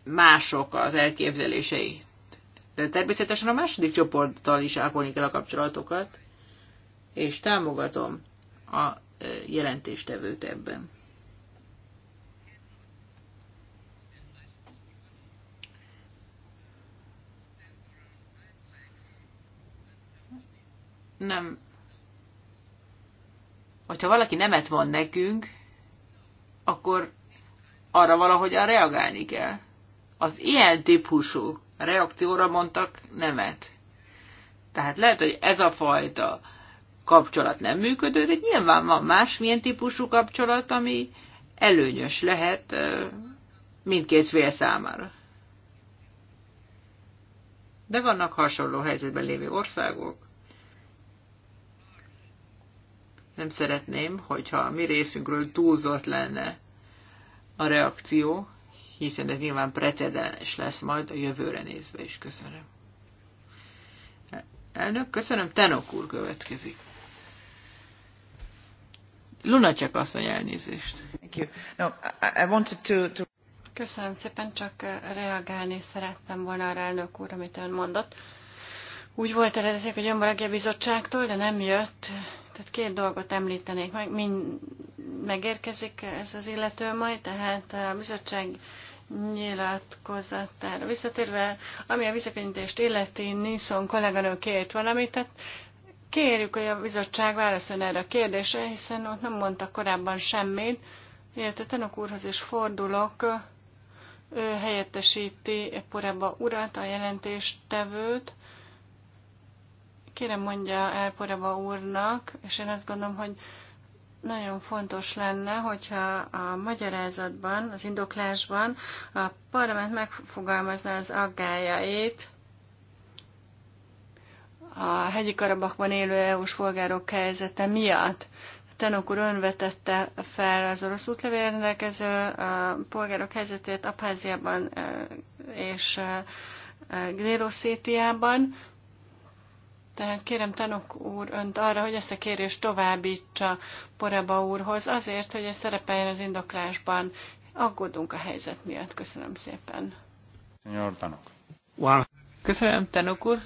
B: mások az elképzelései. De természetesen a második csoporttal is ápolni kell a kapcsolatokat, és támogatom a jelentéstevőt ebben. Nem hogyha valaki nemet van nekünk, akkor arra valahogyan reagálni kell. Az ilyen típusú reakcióra mondtak nemet. Tehát lehet, hogy ez a fajta kapcsolat nem működő, de nyilván van másmilyen típusú kapcsolat, ami előnyös lehet mindkét fél számára. De vannak hasonló helyzetben lévő országok, Nem szeretném, hogyha mi részünkről túlzott lenne a reakció, hiszen ez nyilván precedens lesz majd a jövőre nézve is. Köszönöm. Elnök, köszönöm. Tenok úr következik. Lunacek asszony elnézést. Thank you. No, I, wanted to, to...
C: Köszönöm szépen, csak reagálni szerettem volna arra elnök úr, amit ön mondott. Úgy volt eredetileg, hogy ön bizottságtól, de nem jött, tehát két dolgot említenék meg, mind megérkezik ez az illető majd, tehát a bizottság nyilatkozatára visszatérve, ami a visszakönyítést illeti, Nisson kolléganő kért valamit, tehát kérjük, hogy a bizottság válaszol erre a kérdésre, hiszen ott nem mondta korábban semmit, illetve Tenok úrhoz is fordulok, ő helyettesíti Eporeba urat, a jelentéstevőt, Kérem mondja el Poreba úrnak, és én azt gondolom, hogy nagyon fontos lenne, hogyha a magyarázatban, az indoklásban a parlament megfogalmazna az aggájait a hegyi Karabakban élő EU-s polgárok helyzete miatt. Tenokur önvetette fel az orosz útlevél rendelkező polgárok helyzetét Abháziában és Délosszétiában. Tehát kérem Tanok úr önt arra, hogy ezt a kérést továbbítsa Poreba úrhoz, azért, hogy ez szerepeljen az indoklásban. Aggódunk a helyzet miatt. Köszönöm szépen.
A: Senyor Tanok.
B: Wow. Köszönöm, Tanok úr.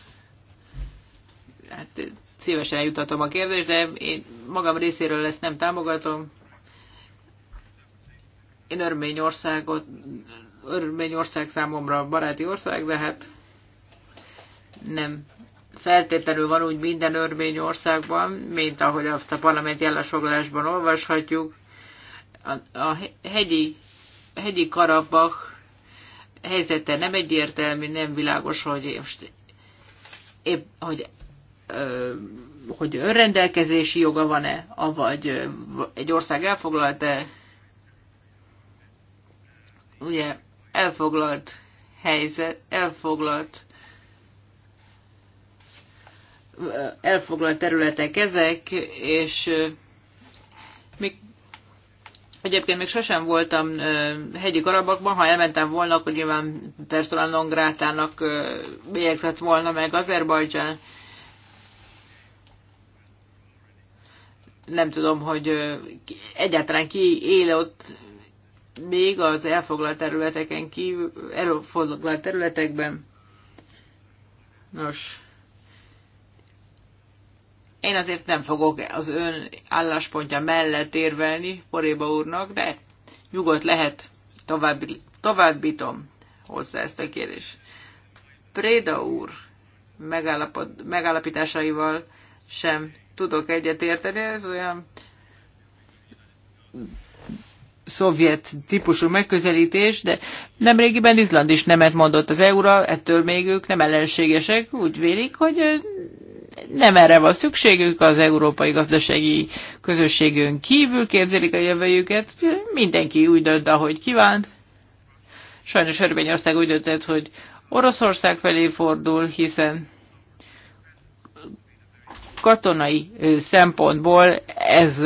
B: Hát, szívesen eljutatom a kérdést, de én magam részéről ezt nem támogatom. Én Örményországot, Örményország számomra baráti ország, de hát nem feltétlenül van úgy minden örmény országban, mint ahogy azt a parlamenti állásfoglalásban olvashatjuk. A, a hegyi, hegyi Karabach helyzete nem egyértelmű, nem világos, hogy most épp, hogy ö, hogy önrendelkezési joga van-e, avagy egy ország elfoglalta, ugye elfoglalt helyzet, elfoglalt elfoglalt területek ezek, és még Egyébként még sosem voltam hegyi Karabakban, ha elmentem volna, akkor nyilván Persona non grátának bélyegzett volna meg Azerbajdzsán. Nem tudom, hogy egyáltalán ki él ott még az elfoglalt területeken kívül, elfoglalt területekben. Nos, én azért nem fogok az ön álláspontja mellett érvelni Poréba úrnak, de nyugodt lehet, tovább, továbbítom hozzá ezt a kérdést. Préda úr megállapod, megállapításaival sem tudok egyetérteni, ez olyan szovjet típusú megközelítés, de nemrégiben Izland is nemet mondott az EU-ra, ettől még ők nem ellenségesek, úgy vélik, hogy nem erre van szükségük, az európai gazdasági közösségön kívül képzelik a jövőjüket, mindenki úgy dönt, ahogy kívánt. Sajnos Örményország úgy döntött, hogy Oroszország felé fordul, hiszen katonai szempontból ez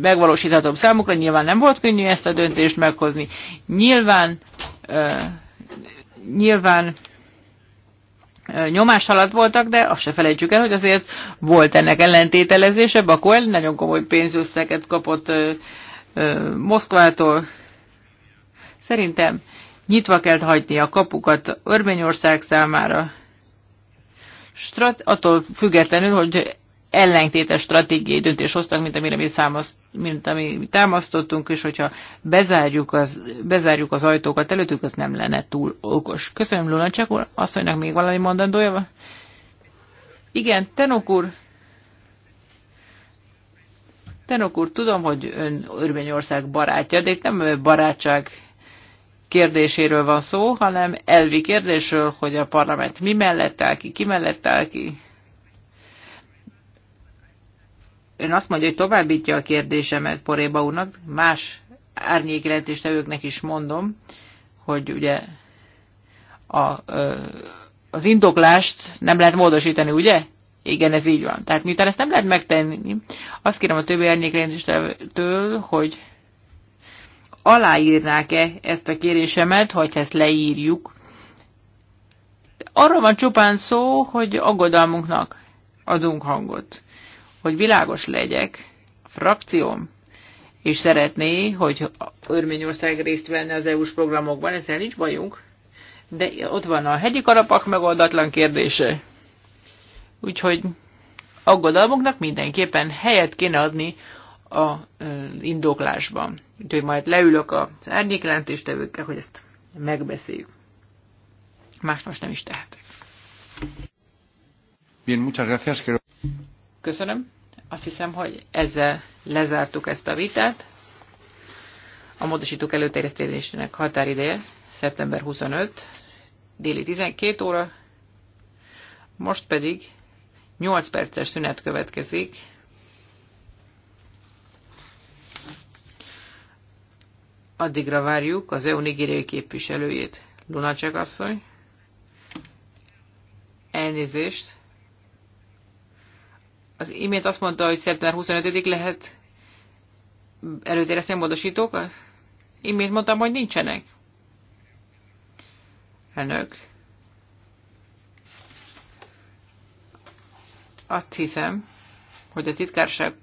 B: megvalósíthatom számukra. Nyilván nem volt könnyű ezt a döntést meghozni. Nyilván, nyilván nyomás alatt voltak, de azt se felejtsük el, hogy azért volt ennek ellentételezése. Bakoel nagyon komoly pénzösszeget kapott Moszkvától. Szerintem nyitva kell hagyni a kapukat Örményország számára. Strat, attól függetlenül, hogy ellentétes stratégiai döntést hoztak, mint amire mi, számaszt, mint ami mi támasztottunk, és hogyha bezárjuk az, bezárjuk az ajtókat előttük, az nem lenne túl okos. Köszönöm, Luna Csekor. Asszonynak még valami mondandója van? Igen, Tenok úr. Tenok úr, tudom, hogy ön Örményország barátja, de itt nem barátság kérdéséről van szó, hanem elvi kérdésről, hogy a parlament mi mellett áll ki, ki mellett áll ki Ön azt mondja, hogy továbbítja a kérdésemet Poréba úrnak, más árnyékjelentéstevőknek is mondom, hogy ugye a, az indoklást nem lehet módosítani, ugye? Igen, ez így van. Tehát miután ezt nem lehet megtenni, azt kérem a többi árnyékjelentéstől, hogy aláírnák-e ezt a kérésemet, hogy ezt leírjuk. Arról van csupán szó, hogy aggodalmunknak adunk hangot hogy világos legyek, frakcióm és szeretné, hogy Örményország részt venne az EU-s programokban, ezzel nincs bajunk, de ott van a hegyi karapak megoldatlan kérdése. Úgyhogy aggodalmunknak mindenképpen helyet kéne adni a indoklásban. Úgyhogy majd leülök az árnyékelentéstevőkkel, hogy ezt megbeszéljük. Más most nem is tehetek.
A: Bien, muchas gracias.
B: Köszönöm. Azt hiszem, hogy ezzel lezártuk ezt a vitát. A módosítók előterjesztésének határideje szeptember 25, déli 12 óra. Most pedig 8 perces szünet következik. Addigra várjuk az EU nigériai képviselőjét, Lunacek asszony. Elnézést! az imént azt mondta, hogy szeptember 25 lehet előtérezni a módosítók. Imént mondtam, hogy nincsenek. Elnök. Azt hiszem, hogy a titkárság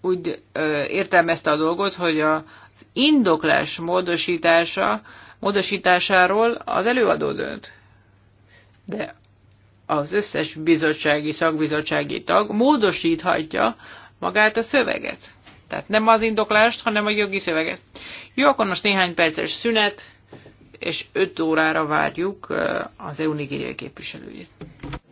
B: úgy ö, értelmezte a dolgot, hogy a, az indoklás módosítása, módosításáról az előadó dönt. De az összes bizottsági, szakbizottsági tag módosíthatja magát a szöveget. Tehát nem az indoklást, hanem a jogi szöveget. Jó, akkor most néhány perces szünet, és 5 órára várjuk az EU-Nigéria képviselőjét.